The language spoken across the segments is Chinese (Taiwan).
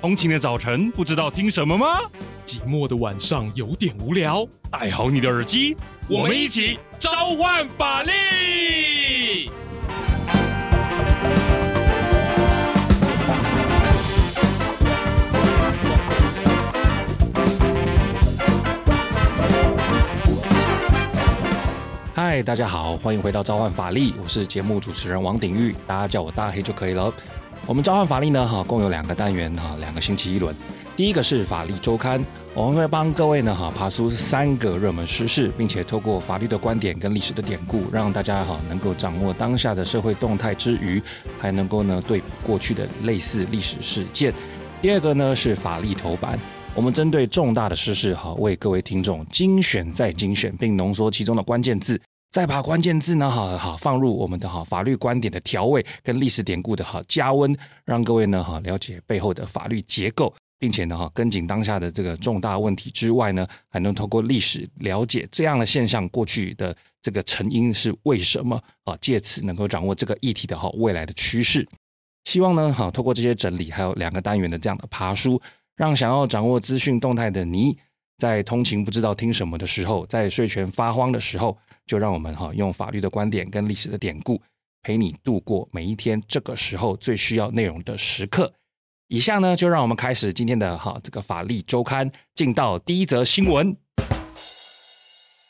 通勤的早晨，不知道聽什麼嗎？寂寞的晚上有點無聊，戴好你的耳機，我們一起召喚法力！嗨，大家好，歡迎回到召喚法力，我是節目主持人王鼎棫，大家叫我大黑就可以了。我們召喚法力呢？哈，共有兩個單元哈，兩個星期一輪。第一個是法歷週刊，我們會幫各位呢哈爬出三個熱門時事，並且透過法律的觀點跟歷史的典故，讓大家哈能夠掌握當下的社會動態之餘，還能夠呢對比過去的類似歷史事件。第二個呢是法歷頭版，我們針對重大的時事哈，為各位聽眾精選再精選，並濃縮其中的關鍵字。再把關鍵字呢，好好放入我們的哈法律觀點的調味，跟歷史典故的哈加溫，讓各位呢哈了解背後的法律結構，並且呢哈跟緊當下的這個重大問題之外呢，還能透過歷史了解這樣的現象過去的這個成因是為什麼啊？借此能夠掌握這個議題的哈未來的趨勢。希望呢哈透過這些整理，還有兩個單元的這樣的爬梳，讓想要掌握資訊動態的你，在通勤不知道聽什麼的時候，在睡前發慌的時候。就讓我們哈用法律的觀點跟歷史的典故陪你度過每一天。這個時候最需要內容的時刻，以下呢就讓我們開始今天的哈這個法歷週刊，進到第一則新聞。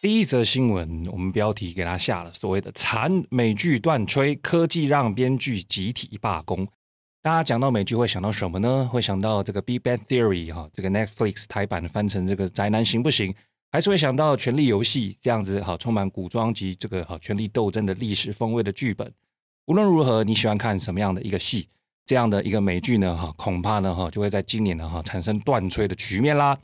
第一則新聞，我們標題給它下了所謂的“慘美劇斷炊，科技讓編劇集體罷工”。大家講到美劇會想到什麼呢？會想到這個《Big Bang Theory》哈，這個 Netflix 台版翻成這個宅男行不行？還是會想到《權力遊戲》這樣子，哈，充滿古裝及這個哈權力鬥爭的歷史風味的劇本。無論如何，你喜歡看什麼樣的一個戲？這樣的一個美劇呢？哈，恐怕呢，哈就會在今年呢哈產生斷炊的局面啦。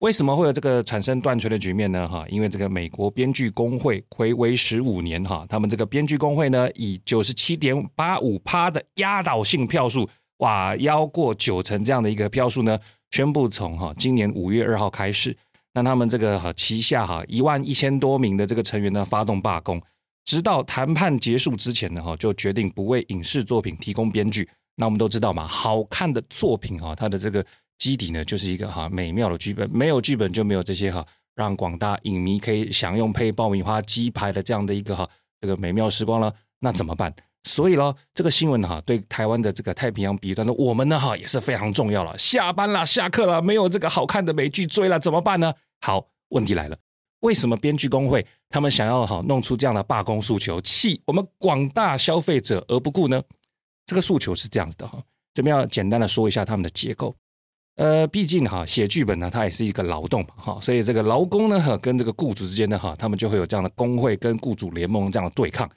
為什麼會有這個產生斷炊的局面呢？哈，因為這個美國編劇工會睽違十五年哈，他們這個編劇工會呢，以九十七點八五趴的壓倒性票數，哇，腰過九成這樣的一個票數呢，宣布從哈今年五月二號開始。讓他們這個哈旗下哈一萬一千多名的這個成員呢，發動罷工，直到談判結束之前呢哈就決定不為影視作品提供編劇。那我們都知道嘛，好看的作品哈，它的這個基底呢就是一個哈美妙的劇本，沒有劇本就沒有這些哈讓廣大影迷可以享用配爆米花雞排的這樣的一個哈這個美妙時光了。那怎麼辦？所以嘍，這個新聞哈、啊，對台灣的這個太平洋彼端的我們呢哈，也是非常重要了。下班了，下課了，沒有這個好看的美劇追了，怎麼辦呢？好，問題來了，為什麼編劇工會他們想要哈弄出這樣的罷工訴求，棄我們廣大消費者而不顧呢？這個訴求是這樣子的哈，這邊要簡單的說一下他們的結構。呃，畢竟哈、啊、寫劇本呢、啊，它也是一個勞動哈，所以這個勞工呢和跟這個僱主之間的哈，他們就會有這樣的工會跟僱主聯盟這樣的對抗。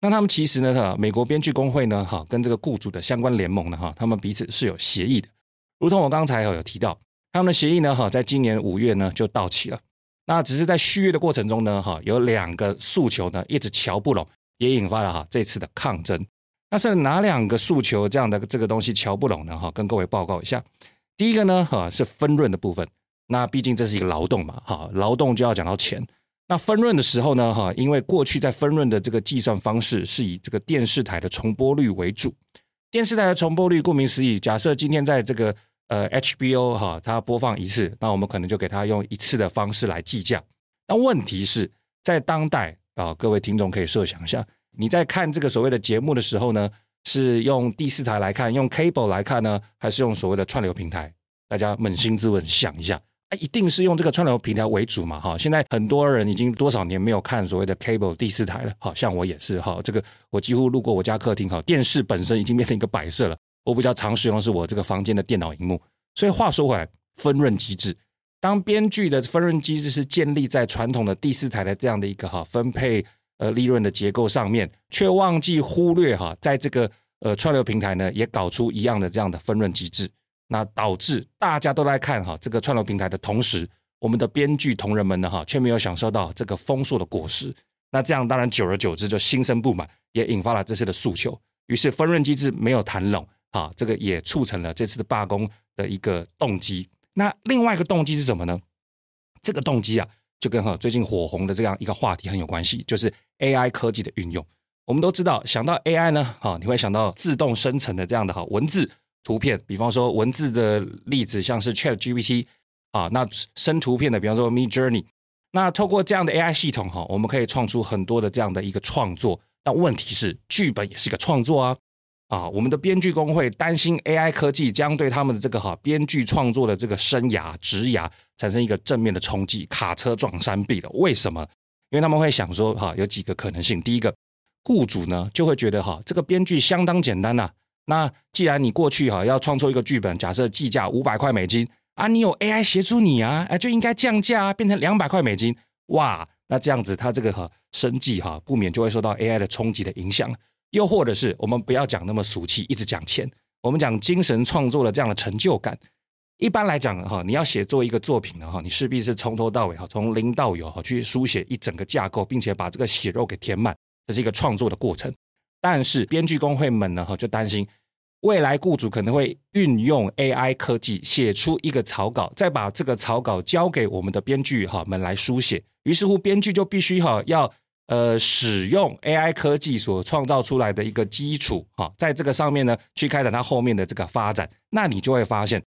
那他們其實呢，哈，美國編劇工會呢，哈，跟這個雇主的相關聯盟呢，哈，他們彼此是有協議的，如同我剛才有提到，他們的協議呢，哈，在今年五月呢就到期了，那只是在續約的過程中呢，哈，有兩個訴求呢一直喬不攏，也引發了哈這次的抗爭。那是哪兩個訴求這樣的這個東西喬不攏呢？哈，跟各位報告一下，第一個呢，哈，是分潤的部分，那畢竟這是一個勞動嘛，哈，勞動就要講到錢。那分潤的時候呢，哈，因為過去在分潤的這個計算方式是以這個電視台的重播率為主。電視台的重播率，顧名思義，假設今天在這個呃 HBO 哈，它播放一次，那我們可能就給它用一次的方式來計價。那問題是，在當代啊，各位聽眾可以設想一下，你在看這個所謂的節目的時候呢，是用第四台來看，用 cable 來看呢，還是用所謂的串流平台？大家捫心自問，想一下。啊，一定是用這個串流平台為主嘛，哈！現在很多人已經多少年沒有看所謂的 cable 第四台了，好，像我也是，哈。這個我幾乎路過我家客廳，哈，電視本身已經變成一個擺設了。我比較常使用的是我這個房間的電腦熒幕。所以話說回來，分潤機制，當編劇的分潤機制是建立在傳統的第四台的這樣的一個哈分配呃利潤的結構上面，卻忘記忽略哈，在這個呃串流平台呢，也搞出一樣的這樣的分潤機制。那導致大家都在看哈這個串流平台的同時，我們的編劇同仁們呢哈卻沒有享受到這個豐碩的果實。那這樣當然久而久之就心生不滿，也引發了這次的訴求。於是分潤機制沒有談攏，哈這個也促成了這次的罷工的一個動機。那另外一個動機是什麼呢？這個動機啊，就跟哈最近火紅的這樣一個話題很有關係，就是 AI 科技的運用。我們都知道，想到 AI 呢，哈你會想到自動生成的這樣的哈文字。圖片，比方說文字的例子，像是 ChatGPT 啊，那生圖片的，比方說 Midjourney，那透過這樣的 AI 系統哈、啊，我們可以創出很多的這樣的一個創作。但問題是，劇本也是一個創作啊，啊，我們的編劇工會擔心 AI 科技將對他們的這個哈、啊、編劇創作的這個生涯、職涯產生一個正面的衝擊，卡車撞山壁了。為什麼？因為他們會想說哈、啊，有幾個可能性。第一個，雇主呢就會覺得哈、啊，這個編劇相當簡單吶、啊。那既然你過去哈要創作一個劇本，假設計價五百塊美金啊，你有 AI 協助你啊，哎就應該降價啊，變成兩百塊美金，哇，那這樣子他這個哈生計哈不免就會受到 AI 的衝擊的影響。又或者是我們不要講那麼俗氣，一直講錢，我們講精神創作的這樣的成就感。一般來講哈，你要寫作一個作品的話，你勢必是從頭到尾哈，從零到有哈去書寫一整個架構，並且把這個血肉給填滿，這是一個創作的過程。但是編劇工會們呢，哈就擔心未來僱主可能會運用 AI 科技寫出一個草稿，再把這個草稿交給我們的編劇哈們來書寫。於是乎，編劇就必須哈要呃使用 AI 科技所創造出來的一個基礎哈，在這個上面呢去開展它後面的這個發展。那你就會發現，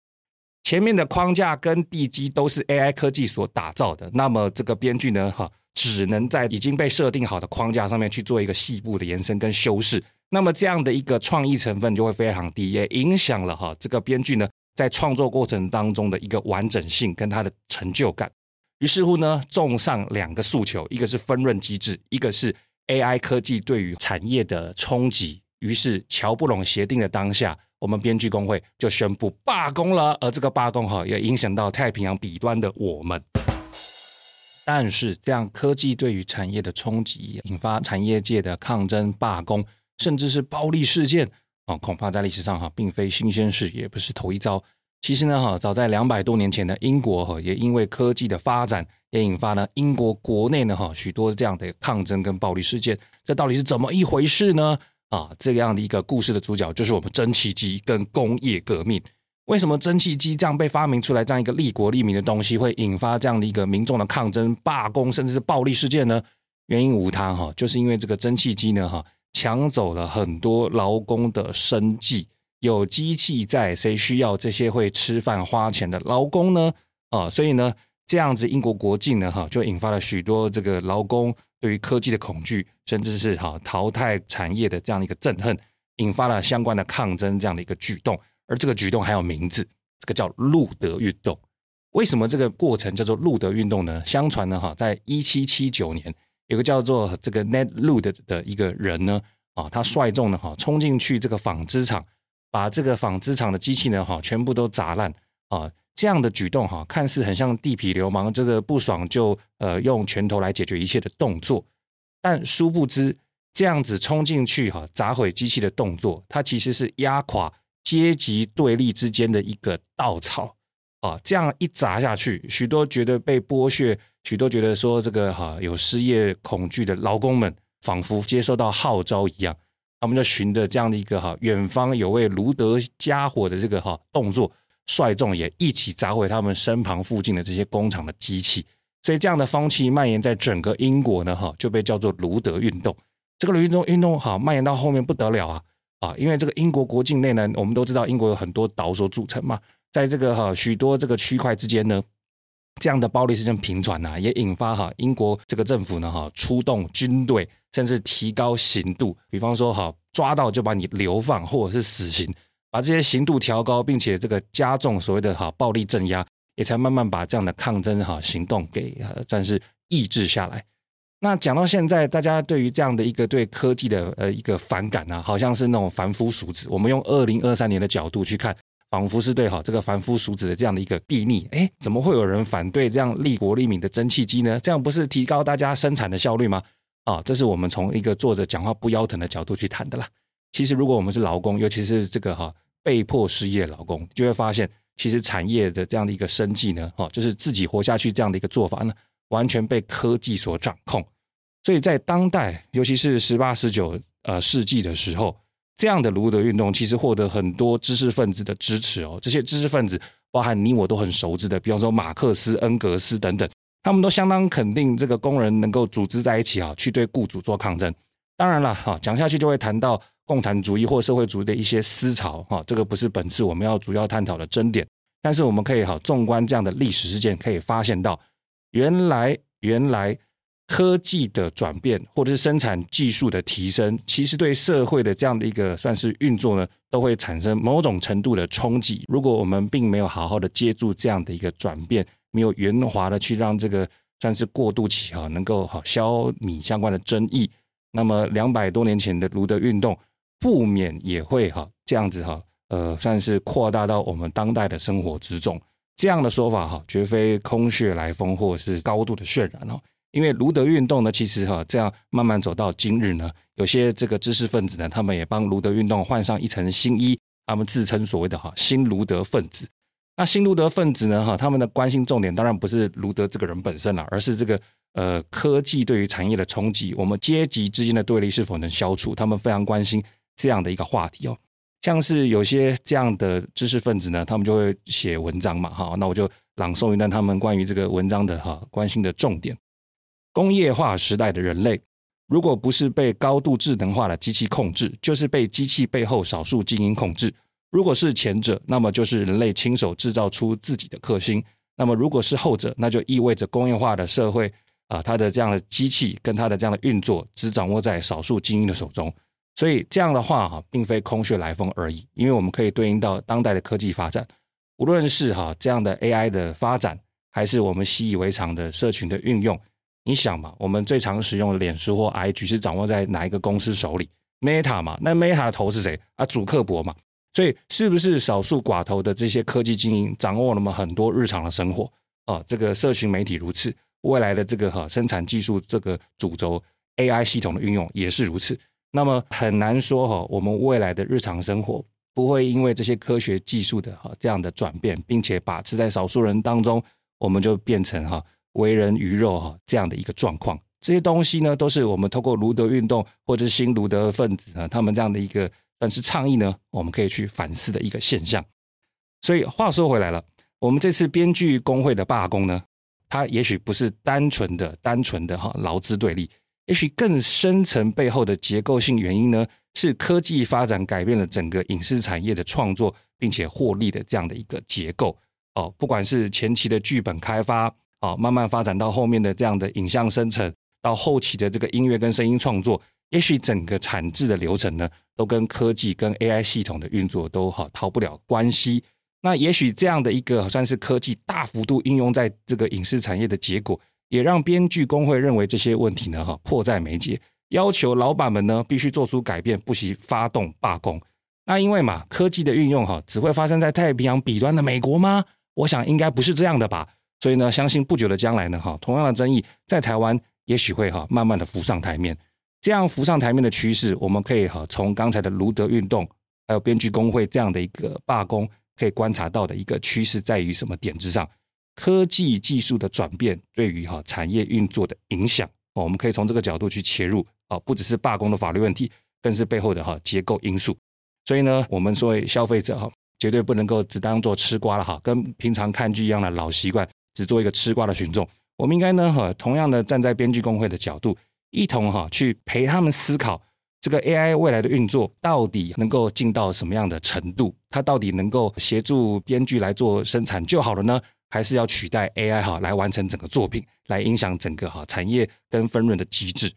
前面的框架跟地基都是 AI 科技所打造的。那麼這個編劇呢，哈。只能在已經被設定好的框架上面去做一個細部的延伸跟修飾，那麼這樣的一個創意成分就會非常低，也影響了哈這個編劇呢在創作過程當中的一個完整性跟他的成就感。於是乎呢，綜上兩個訴求，一個是分潤機制，一個是 AI 科技對於產業的衝擊。於是喬不攏協定的當下，我們編劇工會就宣布罷工了，而這個罷工哈也影響到太平洋彼端的我們。但是，這樣科技對於產業的衝擊，引發產業界的抗爭、罷工，甚至是暴力事件啊，恐怕在歷史上哈、啊，並非新鮮事，也不是頭一遭。其實呢哈、啊，早在兩百多年前的英國哈、啊，也因為科技的發展，也引發了英國國內呢哈許多這樣的抗爭跟暴力事件。這到底是怎麼一回事呢？啊，這樣的一個故事的主角就是我們蒸汽機跟工業革命。為什麼蒸汽機這樣被發明出來，這樣一個利國利民的東西，會引發這樣的一個民眾的抗爭、罷工，甚至是暴力事件呢？原因無他，哈，就是因為這個蒸汽機呢，哈，搶走了很多勞工的生計。有機器在，誰需要這些會吃飯花錢的勞工呢？啊，所以呢，這樣子，英國國境呢，哈，就引發了許多這個勞工對於科技的恐懼，甚至是哈淘汰產業的這樣一個憎恨，引發了相關的抗爭這樣的一個舉動。而這個舉動還有名字，這個叫路德運動。為什麼這個過程叫做路德運動呢？相傳呢，哈，在一七七九年，有個叫做這個 Net Lude 的一個人呢，啊，他率眾的哈衝進去這個紡織廠，把這個紡織廠的機器呢，哈、啊、全部都砸爛啊。這樣的舉動哈、啊，看似很像地痞流氓，這個不爽就呃用拳頭來解決一切的動作。但殊不知，這樣子衝進去哈、啊、砸毀機器的動作，它其實是壓垮。階級對立之間的一個稻草啊，這樣一砸下去，許多覺得被剝削，許多覺得說這個哈、啊、有失業恐懼的勞工們，仿佛接受到號召一樣，他們就循着這樣的一個哈、啊，遠方有位盧德家伙的這個哈、啊、動作，率眾也一起砸毀他們身旁附近的這些工廠的機器。所以這樣的風氣蔓延在整個英國呢，哈、啊、就被叫做盧德運動。這個運動運動哈、啊、蔓延到後面不得了啊。啊，因為這個英國國境內呢，我們都知道英國有很多島所組成嘛，在這個哈，許多這個區塊之間呢，這樣的暴力事件頻傳吶，也引發哈，英國這個政府呢哈，出動軍隊，甚至提高刑度，比方說哈，抓到就把你流放或者是死刑，把這些刑度調高，並且這個加重所謂的哈，暴力鎮壓，也才慢慢把這樣的抗爭哈，行動給，啊，算是抑制下來。那講到現在，大家對於這樣的一個對科技的呃一個反感呢、啊，好像是那種凡夫俗子。我們用二零二三年的角度去看，仿佛是對哈這個凡夫俗子的這樣的一個鄙逆。誒，怎麼會有人反對這樣利國利民的蒸汽機呢？這樣不是提高大家生產的效率嗎？啊，這是我們從一個坐着講話不腰疼的角度去談的啦。其實，如果我們是勞工，尤其是這個哈、啊、被迫失業勞工，就會發現，其實產業的這樣的一個生計呢，哈、啊，就是自己活下去這樣的一個做法呢。完全被科技所掌控，所以在當代，尤其是十八、十九呃世紀的時候，這樣的盧德運動其實獲得很多知識分子的支持哦。這些知識分子，包含你我都很熟知的，比方說馬克思、恩格斯等等，他們都相當肯定這個工人能夠組織在一起啊，去對雇主做抗爭。當然了，哈，講下去就會談到共產主義或社會主義的一些思潮哈，這個不是本次我們要主要探討的爭點。但是我們可以哈，縱觀這樣的歷史事件，可以發現到。原來，原來科技的轉變或者是生產技術的提升，其實對社會的這樣的一個算是運作呢，都會產生某種程度的衝擊。如果我們並沒有好好的接住這樣的一個轉變，沒有圓滑的去讓這個算是過渡期哈，能夠好消弭相關的爭議，那麼兩百多年前的盧德運動不免也會哈這樣子哈，呃，算是擴大到我們當代的生活之中。這樣的說法哈，絕非空穴來風，或者是高度的渲染。因為盧德運動呢，其實哈這樣慢慢走到今日呢，有些這個知識分子呢，他們也幫盧德運動換上一層新衣，他們自稱所謂的哈新盧德分子。那新盧德分子呢哈，他們的關心重點當然不是盧德這個人本身了，而是這個呃科技對於產業的衝擊，我們階級之間的對立是否能消除，他們非常關心這樣的一個話題哦。像是有些這樣的知識分子呢，他們就會寫文章嘛，哈，那我就朗誦一段他們關於這個文章的哈關心的重點。工業化時代的人類，如果不是被高度智能化的機器控制，就是被機器背後少數精英控制。如果是前者，那麼就是人類親手製造出自己的剋星；那麼如果是後者，那就意味着工業化的社會啊，它、呃、的這樣的機器跟它的這樣的運作，只掌握在少數精英的手中。所以這樣的話哈，並非空穴來風而已，因為我們可以對應到當代的科技發展，無論是哈這樣的 AI 的發展，還是我們習以為常的社群的運用，你想嘛，我們最常使用的臉書或 IG 是掌握在哪一個公司手裡？Meta 嘛，那 Meta 的頭是誰啊？祖克伯嘛。所以是不是少數寡頭的這些科技精英掌握了嘛很多日常的生活啊，呃？這個社群媒體如此，未來的這個哈，啊，生產技術這個主軸 AI 系統的運用也是如此。那麼很難說哈，我們未來的日常生活不會因為這些科學技術的哈這樣的轉變，並且把持在少數人當中，我們就變成哈為人魚肉哈這樣的一個狀況。這些東西呢，都是我們透過盧德運動或者是新盧德分子啊，他們這樣的一個，但是倡議呢，我們可以去反思的一個現象。所以話說回來了，我們這次編劇工會的罷工呢，它也許不是單純的、單純的哈勞資對立。也許更深層背後的結構性原因呢，是科技發展改變了整個影視產業的創作並且獲利的這樣的一個結構哦。不管是前期的劇本開發，哦，慢慢發展到後面的這樣的影像生成，到後期的這個音樂跟聲音創作，也許整個產制的流程呢，都跟科技跟 AI 系統的運作都好，哦，逃不了關係。那也許這樣的一個算是科技大幅度應用在這個影視產業的結果。也讓編劇工會認為這些問題呢，哈，迫在眉睫，要求老闆們呢必須做出改變，不惜發動罷工。那因為嘛，科技的運用哈，只會發生在太平洋彼端的美國嗎？我想應該不是這樣的吧。所以呢，相信不久的將來呢，哈，同樣的爭議在台灣也許會哈，慢慢的浮上台面。這樣浮上台面的趨勢，我們可以哈，從剛才的盧德運動還有編劇工會這樣的一個罷工，可以觀察到的一個趨勢在於什麼點之上？科技技術的轉變對於哈產業運作的影響，我們可以從這個角度去切入啊，不只是罷工的法律問題，更是背後的哈結構因素。所以呢，我們作為消費者哈，絕對不能夠只當做吃瓜了哈，跟平常看劇一樣的老習慣，只做一個吃瓜的群眾。我們應該呢哈，同樣的站在編劇工會的角度，一同哈去陪他們思考。這個 AI 未來的運作到底能夠進到什麼樣的程度？它到底能夠協助編劇來做生產就好了呢，還是要取代 AI 哈來完成整個作品，來影響整個哈產業跟分潤的機制？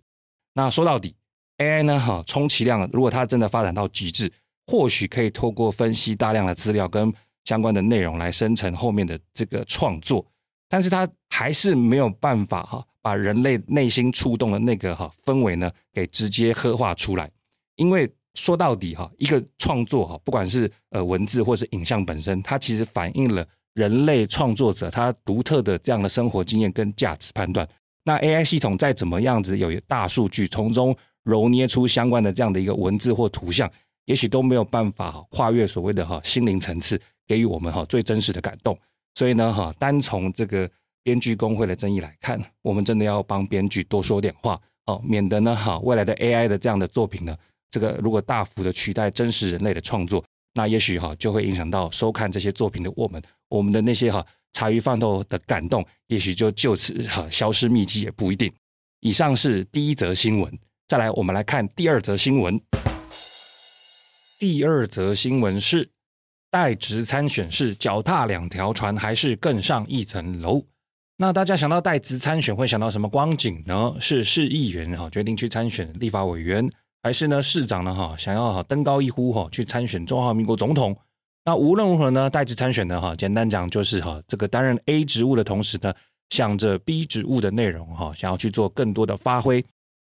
那說到底，AI 呢哈，充其量如果它真的發展到極致，或許可以透過分析大量的資料跟相關的內容來生成後面的這個創作，但是它還是沒有辦法哈。把人類內心觸動的那個哈氛圍呢，給直接刻畫出來。因為說到底哈，一個創作哈，不管是呃文字或是影像，本身它其實反映了人類創作者他獨特的這樣的生活經驗跟價值判斷。那 AI 系統再怎麼樣子，有大數據從中揉捏出相關的這樣的一個文字或圖像，也許都沒有辦法哈跨越所謂的哈心靈層次，給予我們哈最真實的感動。所以呢哈，單從這個。編劇工會的爭議來看，我們真的要幫編劇多說點話哦，免得呢哈、哦、未來的 AI 的這樣的作品呢，這個如果大幅的取代真實人類的創作，那也許哈、哦、就會影響到收看這些作品的我們，我們的那些哈、哦、茶餘飯後的感動，也許就就此哈、哦、消失匿跡也不一定。以上是第一則新聞，再來我們來看第二則新聞。第二則新聞是帶職參選是腳踏兩條船，還是更上一層樓？那大家想到帶職參選會想到什麼光景呢？是市議員哈、哦、決定去參選立法委員，還是呢市長呢哈想要哈登高一呼哈去參選中華民國總統？那無論如何呢，帶職參選呢哈，簡單講就是哈這個擔任 A 職務的同時呢，想着 B 職務的內容哈，想要去做更多的發揮。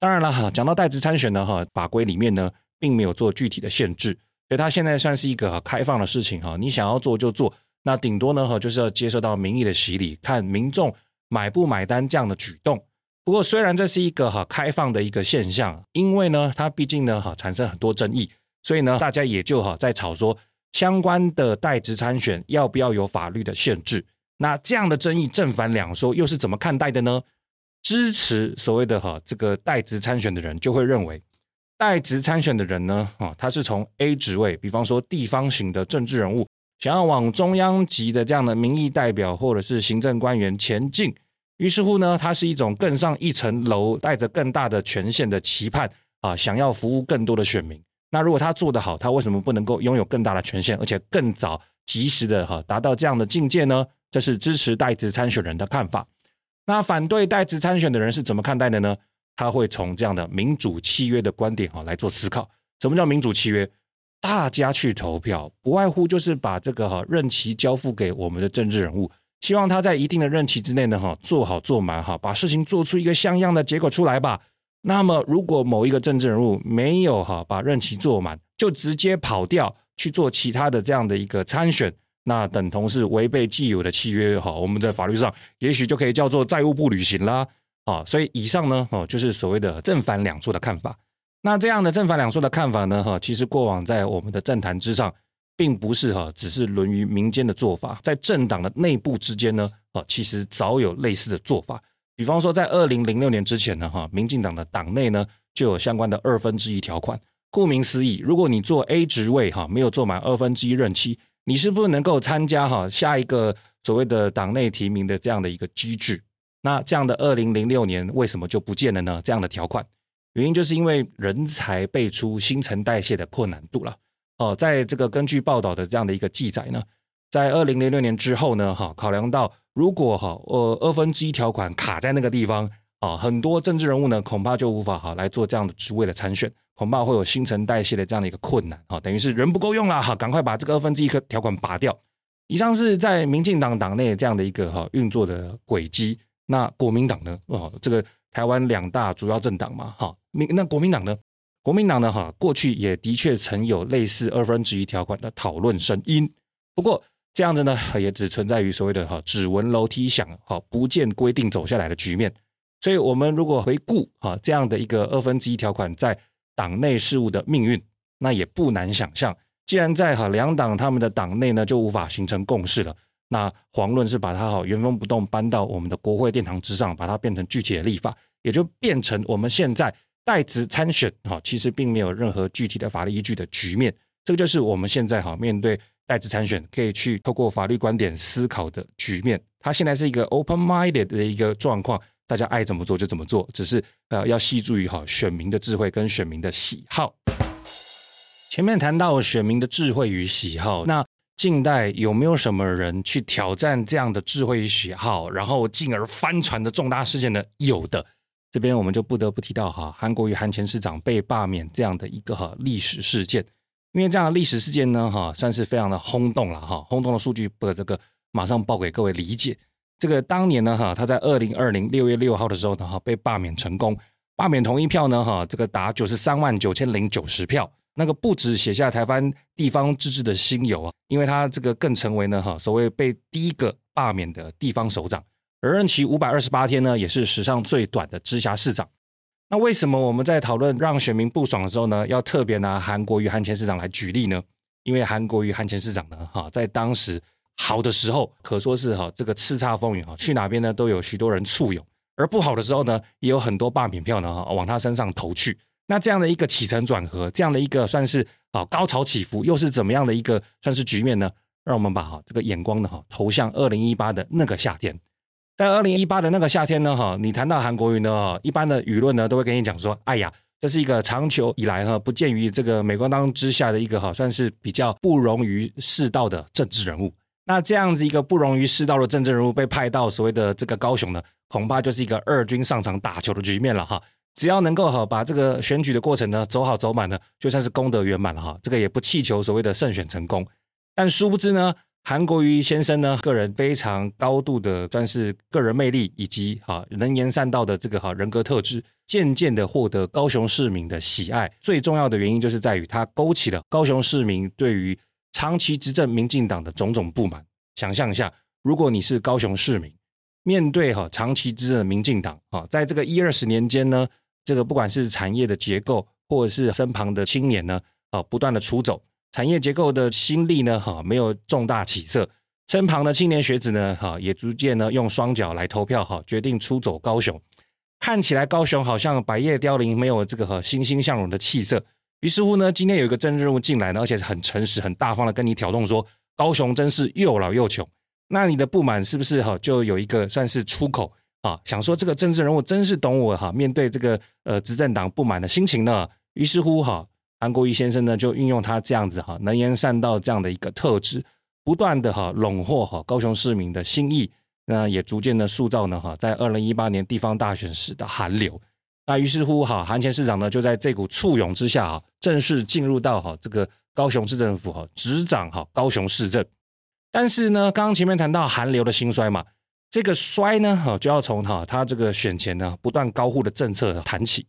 當然了哈，講到帶職參選呢哈，法規裡面呢並沒有做具體的限制，所以它現在算是一個開放的事情哈，你想要做就做。那頂多呢，哈，就是要接受到民意的洗禮，看民眾買不買單這樣的舉動。不過，雖然這是一個哈開放的一個現象，因為呢，它畢竟呢，哈產生很多爭議，所以呢，大家也就哈在吵說相關的帶職參選要不要有法律的限制。那這樣的爭議正反兩說又是怎麼看待的呢？支持所謂的哈這個帶職參選的人就會認為，帶職參選的人呢，啊，他是從 A 職位，比方說地方型的政治人物。想要往中央級的這樣的民意代表或者是行政官員前進，於是乎呢，他是一種更上一層樓，帶着更大的權限的期盼啊，想要服務更多的選民。那如果他做得好，他為什麼不能夠擁有更大的權限，而且更早及時的哈、啊、達到這樣的境界呢？這是支持帶職參選人的看法。那反對帶職參選的人是怎麼看待的呢？他會從這樣的民主契約的觀點哈、啊、來做思考。什麼叫民主契約？大家去投票，不外乎就是把這個哈任期交付給我們的政治人物，希望他在一定的任期之內呢哈做好做滿哈，把事情做出一個像樣的結果出來吧。那麼，如果某一個政治人物沒有哈把任期做滿，就直接跑掉去做其他的這樣的一個參選，那等同是違背既有的契約哈。我們在法律上也許就可以叫做債務不履行啦啊。所以以上呢就是所謂的正反兩造的看法。那這樣的正反兩說的看法呢，哈，其實過往在我們的政壇之上，並不是哈，只是淪於民間的做法，在政黨的內部之間呢，啊，其實早有類似的做法。比方說，在二零零六年之前呢，哈，民進黨的黨內呢，就有相關的二分之一條款。顧名思義，如果你做 A 職位哈，沒有做滿二分之一任期，你是不是能夠參加哈下一個所謂的黨內提名的這樣的一個機制？那這樣的二零零六年為什麼就不見了呢？這樣的條款？原因就是因為人才輩出、新陳代謝的困難度了。哦，在這個根據報道的這樣的一個記載呢，在二零零六年之後呢，哈，考量到如果哈、呃，呃，二分之一條款卡在那個地方啊，很多政治人物呢，恐怕就無法哈來做這樣的職位的參選，恐怕會有新陳代謝的這樣的一個困難啊，等於是人不夠用了哈，趕快把這個二分之一個條款拔掉。以上是在民進黨黨內這樣的一個哈運作的軌跡。那國民黨呢？哦，這個台灣兩大主要政黨嘛，哈。那國民黨呢？國民黨呢？哈，過去也的確曾有類似二分之一條款的討論聲音，不過這樣子呢，也只存在於所謂的哈只聞樓梯響，哈不見規定走下來的局面。所以，我們如果回顧哈這樣的一個二分之一條款在黨內事務的命運，那也不難想象，既然在哈兩黨他們的黨內呢就無法形成共識了，那遑論是把它哈原封不動搬到我們的國會殿堂之上，把它變成具體的立法，也就變成我們現在。帶職參選，其實並沒有任何具體的法律依據的局面，這個就是我們現在面對帶職參選可以去透過法律觀點思考的局面。它現在是一個 open minded 的一個狀況，大家愛怎麼做就怎麼做，只是呃要細注意好選民的智慧跟選民的喜好。前面談到選民的智慧與喜好，那近代有沒有什麼人去挑戰這樣的智慧與喜好，然後進而翻船的重大事件呢？有的。這邊我們就不得不提到哈，韓國瑜韓前市長被罷免這樣的一個哈歷史事件，因為這樣的歷史事件呢哈，算是非常的轟動了哈，轟動的數據不得這個馬上報給各位理解。這個當年呢哈，他在二零二零六月六號的時候呢哈，被罷免成功，罷免同意票呢哈，這個達九十三萬九千零九十票，那個不止寫下台灣地方自治的新猷啊，因為他這個更成為呢哈，所謂被第一個罷免的地方首長。而任期五百二十八天呢，也是史上最短的直轄市長。那為什麼我們在討論讓選民不爽的時候呢，要特別拿韓國瑜韓前市長來舉例呢？因為韓國瑜韓前市長呢，哈，在當時好的時候，可說是哈這個叱咤風雲哈，去哪邊呢都有許多人簇擁；而不好的時候呢，也有很多罷免票呢哈往他身上投去。那這樣的一個起承轉合，這樣的一個算是啊高潮起伏，又是怎麼樣的一個算是局面呢？讓我們把哈這個眼光呢哈投向二零一八的那個夏天。在二零一八的那個夏天呢，哈，你談到韓國瑜呢，一般的輿論呢都會跟你講說，哎呀，這是一個長久以來哈不見於這個美國黨之下的一個哈算是比較不容於世道的政治人物。那這樣子一個不容於世道的政治人物被派到所謂的這個高雄呢，恐怕就是一個二軍上場打球的局面了哈。只要能夠哈把這個選舉的過程呢走好走滿呢，就算是功德圓滿了哈，這個也不祈求所謂的勝選成功。但殊不知呢。韓國瑜先生呢，個人非常高度的算是個人魅力以及哈能言善道的這個哈人格特質，漸漸的獲得高雄市民的喜愛。最重要的原因就是在於他勾起了高雄市民對於長期執政民進黨的種種不滿。想象一下，如果你是高雄市民，面對哈長期執政的民進黨啊，在這個一二十年間呢，這個不管是產業的結構，或者是身旁的青年呢，啊，不斷的出走。產業結構的新力呢？哈，沒有重大起色。身旁的青年學子呢？哈，也逐漸呢用雙腳來投票。哈，決定出走高雄。看起來高雄好像百業凋零，沒有這個哈，欣欣向榮的氣色。於是乎呢，今天有一個政治人物進來而且是很誠實、很大方的跟你挑動說：“高雄真是又老又窮。”那你的不滿是不是哈就有一個算是出口啊？想說這個政治人物真是懂我哈，面對這個呃執政黨不滿的心情呢？於是乎哈。韓國瑜先生呢，就運用他這樣子哈，能言善道這樣的一個特質，不斷的哈籠絡哈高雄市民的心意，那也逐漸的塑造呢哈，在二零一八年地方大選時的韓流。那於是乎哈，韓前市長呢就在這股簇擁之下正式進入到哈這個高雄市政府哈，執掌哈高雄市政。但是呢，剛剛前面談到韓流的興衰嘛，這個衰呢哈，就要從哈他這個選前呢不斷高呼的政策談起。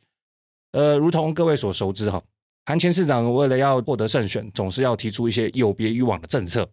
呃，如同各位所熟知哈。韓前市長為了要獲得勝選，總是要提出一些有別於往的政策。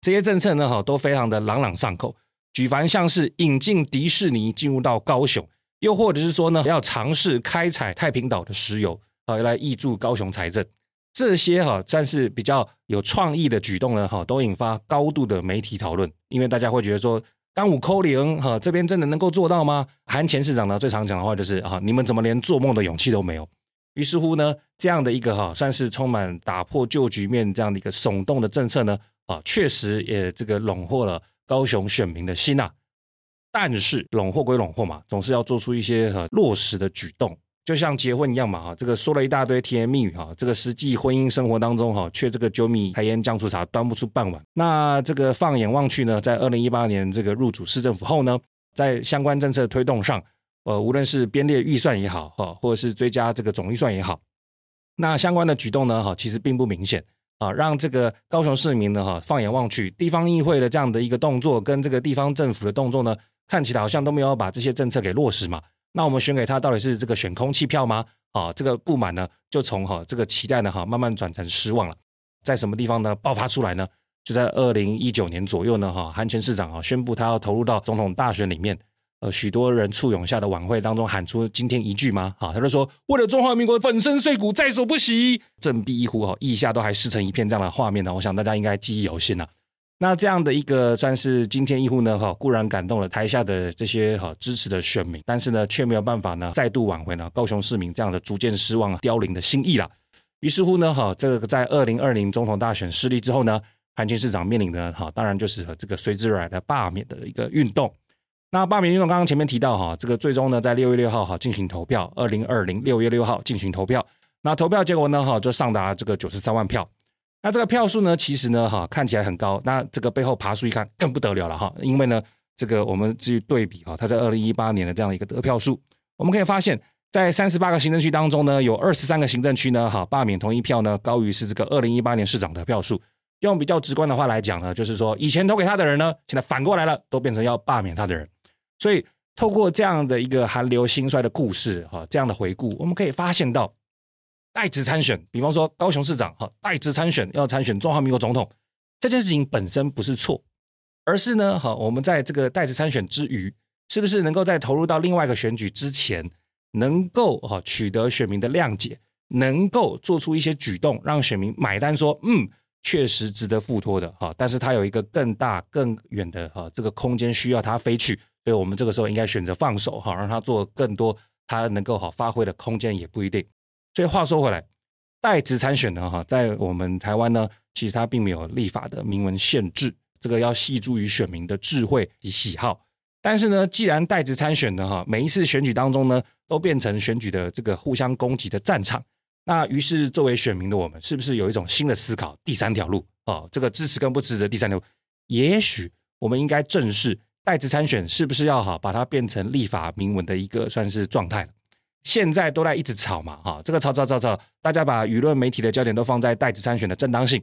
這些政策呢，哈，都非常的朗朗上口。舉凡像是引進迪士尼進入到高雄，又或者是說呢，要嘗試開採太平島的石油，啊，來挹注高雄財政，這些哈、啊，算是比較有創意的舉動呢，哈、啊，都引發高度的媒體討論。因為大家會覺得說，干五扣零，哈、啊，這邊真的能夠做到嗎？韓前市長呢，最常講的話就是，啊，你們怎麼連做夢的勇氣都沒有？於是乎呢，這樣的一個哈，算是充滿打破舊局面這樣的一個聳動的政策呢，啊，確實也這個籠絡了高雄選民的心啊。但是籠絡歸籠絡嘛，總是要做出一些、啊、落實的舉動，就像結婚一樣嘛，哈、啊，這個說了一大堆甜言蜜語，哈、啊，這個實際婚姻生活當中，哈、啊，卻這個柴米油鹽醬醋茶端不出半碗。那這個放眼望去呢，在二零一八年這個入主市政府後呢，在相關政策推動上，呃，無論是編列預算也好，哈，或者是追加這個總預算也好，那相關的舉動呢，哈，其實並不明顯啊，讓這個高雄市民呢，哈，放眼望去，地方議會的這樣的一個動作跟這個地方政府的動作呢，看起來好像都沒有把這些政策給落實嘛。那我們選給他到底是這個選空氣票嗎？啊，這個不滿呢，就從哈這個期待呢，哈，慢慢轉成失望了。在什麼地方呢？爆發出來呢？就在二零一九年左右呢，哈，韓前市長哈宣布他要投入到總統大選裡面。呃，許多人簇擁下的晚會當中喊出今天一句嗎？哈、哦，他就說：“為了中華民國粉身碎骨在所不惜。哦”振臂一呼，哈，腋下都還濕成一片這樣的畫面呢。我想大家應該記憶猶新吶。那這樣的一個算是驚天一呼呢，哈、哦，固然感動了台下的這些哈、哦、支持的選民，但是呢，卻沒有辦法呢再度挽回，呢高雄市民這樣的逐漸失望凋零的心意了。於是乎呢，哈、哦，這個在二零二零總統大選失利之後呢，韓前市長面臨的哈、哦，當然就是和這個隨之而來的罷免的一個運動。那罷免運動剛剛前面提到哈，這個最終呢，在六月六號哈進行投票，二零二零六月六號進行投票。那投票結果呢，哈就上達這個九十三萬票。那這個票數呢，其實呢，哈看起來很高。那這個背後爬數一看更不得了了哈，因為呢，這個我們至於對比哈，他在二零一八年的這樣一個得票數，我們可以發現，在三十八個行政區當中呢，有二十三個行政區呢，哈罷免同意票呢高於是這個二零一八年市長的票數。用比較直觀的話來講呢，就是說以前投給他的人呢，現在反過來了，都變成要罷免他的人。所以，透過這樣的一個韓流興衰的故事哈、哦，這樣的回顧，我們可以發現到，帶職參選，比方說高雄市長哈、哦，帶職參選要參選中華民國總統這件事情本身不是錯，而是呢哈、哦，我們在這個帶職參選之餘，是不是能夠在投入到另外一個選舉之前，能夠哈、哦、取得選民的諒解，能夠做出一些舉動，讓選民買單說，說嗯，確實值得付託的哈、哦，但是他有一個更大更遠的哈、哦、這個空間需要他飛去。所以我們這個時候應該選擇放手，哈，讓他做更多他能夠好發揮的空間也不一定。所以話說回來，帶職參選呢哈，在我們台灣呢，其實他並沒有立法的明文限制，這個要繫諸於選民的智慧與喜好。但是呢，既然帶職參選的哈，每一次選舉當中呢，都變成選舉的這個互相攻擊的戰場。那於是作為選民的我們，是不是有一種新的思考？第三條路啊、哦，這個支持跟不支持的第三條路，也許我們應該正視。帶職參選是不是要好，把它變成立法明文的一個算是狀態了？現在都在一直吵嘛，哈，這個吵吵吵吵，大家把輿論媒體的焦點都放在帶職參選的正當性。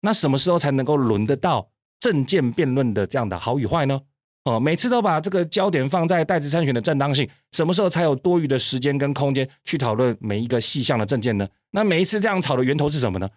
那什麼時候才能夠輪得到政見辯論的這樣的好與壞呢？哦，每次都把這個焦點放在帶職參選的正當性，什麼時候才有多餘的時間跟空間去討論每一個細項的政見呢？那每一次這樣吵的源頭是什麼呢？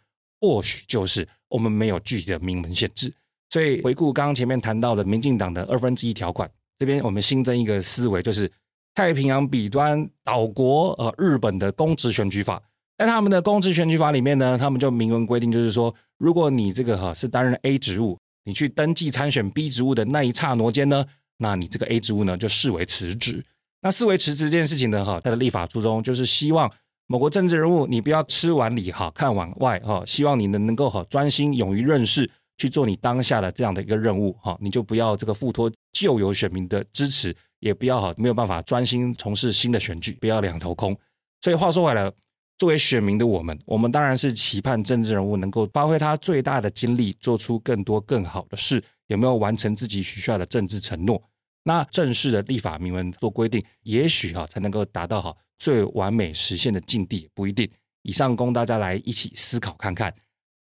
或許就是我們沒有具體的明文限制。所以回顧剛剛前面談到的民進黨的二分之一條款，這邊我們新增一個思維，就是太平洋彼端島國呃日本的公職選舉法，在他們的公職選舉法裡面呢，他們就明文規定，就是說，如果你這個哈是擔任 A 職務，你去登記參選 B 職務的那一剎那間呢，那你這個 A 職務呢就視為辭職。那視為辭職這件事情呢，哈，它的立法初衷就是希望某國政治人物你不要吃碗裡哈看碗外哈，希望你能能夠哈專心勇於任事。去做你當下的這樣的一個任務哈，你就不要這個付託舊有選民的支持，也不要哈沒有辦法專心從事新的選舉，不要兩頭空。所以話說回來，作為選民的我們，我們當然是期盼政治人物能夠發揮他最大的精力，做出更多更好的事。有沒有完成自己許下的政治承諾？那正式的立法明文做規定，也許哈才能夠達到哈，最完美實現的境地，不一定。以上供大家來一起思考看看。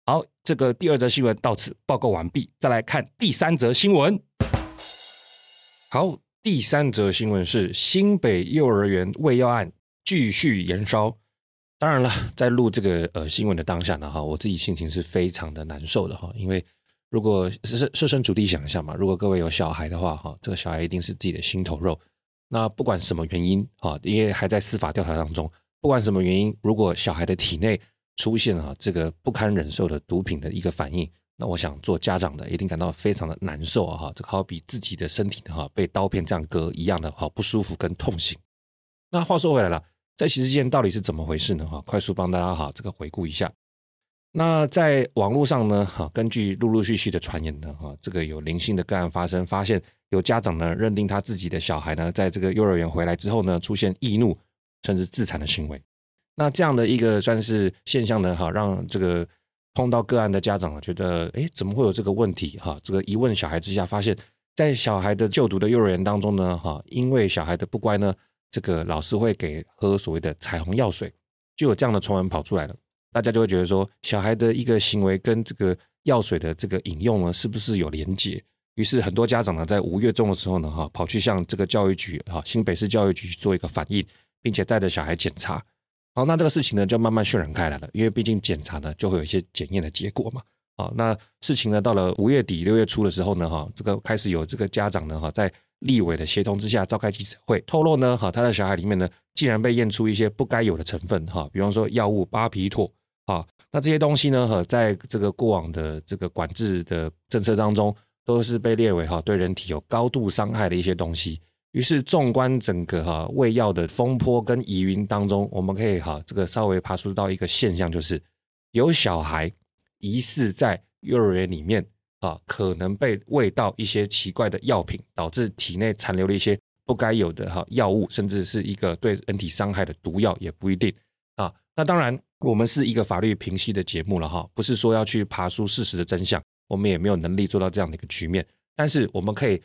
好，這個第二則新聞到此報告完畢。再來看第三則新聞。好，第三則新聞是新北幼兒園餵藥案繼續延燒。當然了，在錄這個呃新聞的當下呢，哈，我自己心情是非常的難受的哈，因為如果設設身處地想一下嘛，如果各位有小孩的話，哈，這個小孩一定是自己的心頭肉。那不管什麼原因，哈，因為還在司法調查當中，不管什麼原因，如果小孩的體內……出現哈，這個不堪忍受的毒品的一個反應，那我想做家長的一定感到非常的難受哈，這好比自己的身體哈被刀片這樣割一樣的好不舒服跟痛心。那話說回來了，在刑事案件到底是怎麼回事呢哈？快速幫大家哈這個回顧一下。那在網絡上呢哈，根據陸陸續續的傳言呢哈，這個有零星的個案發生，發現有家長呢認定他自己的小孩呢在這個幼兒園回來之後呢出現易怒甚至自殘的行為。那這樣的一個算是現象呢，哈，讓這個碰到個案的家長覺得，誒，怎麼會有這個問題？哈，這個一問小孩之下，發現，在小孩的就讀的幼兒園當中呢，哈，因為小孩的不乖呢，這個老師會給喝所謂的彩虹藥水，就有這樣的傳聞跑出來了。大家就會覺得說，小孩的一個行為跟這個藥水的這個飲用呢，是不是有連結？於是很多家長呢，在五月中的時候呢，哈，跑去向這個教育局哈，新北市教育局去做一個反應，並且帶着小孩檢查。好、哦，那這個事情呢，就慢慢渲染開來了，因為畢竟檢查呢，就會有一些檢驗的結果嘛。好、哦，那事情呢，到了五月底六月初的時候呢，哈、哦，這個開始有這個家長呢，哈、哦，在立委的協同之下召開記者會，透露呢，哈、哦，他的小孩裡面呢，竟然被驗出一些不該有的成分，哈、哦，比方說藥物巴比妥，啊、哦，那這些東西呢，哈、哦，在這個過往的這個管制的政策當中，都是被列為哈、哦、對人體有高度傷害的一些東西。於是，縱觀整個哈餵藥的風波跟疑雲當中，我們可以哈這個稍微爬梳到一個現象，就是有小孩疑似在幼兒園裡面啊，可能被餵到一些奇怪的藥品，導致體內殘留了一些不該有的哈藥物，甚至是一個對人體傷害的毒藥也不一定啊。那當然，我們是一個法律評析的節目了哈，不是說要去爬梳事實的真相，我們也沒有能力做到這樣的一個局面，但是我們可以。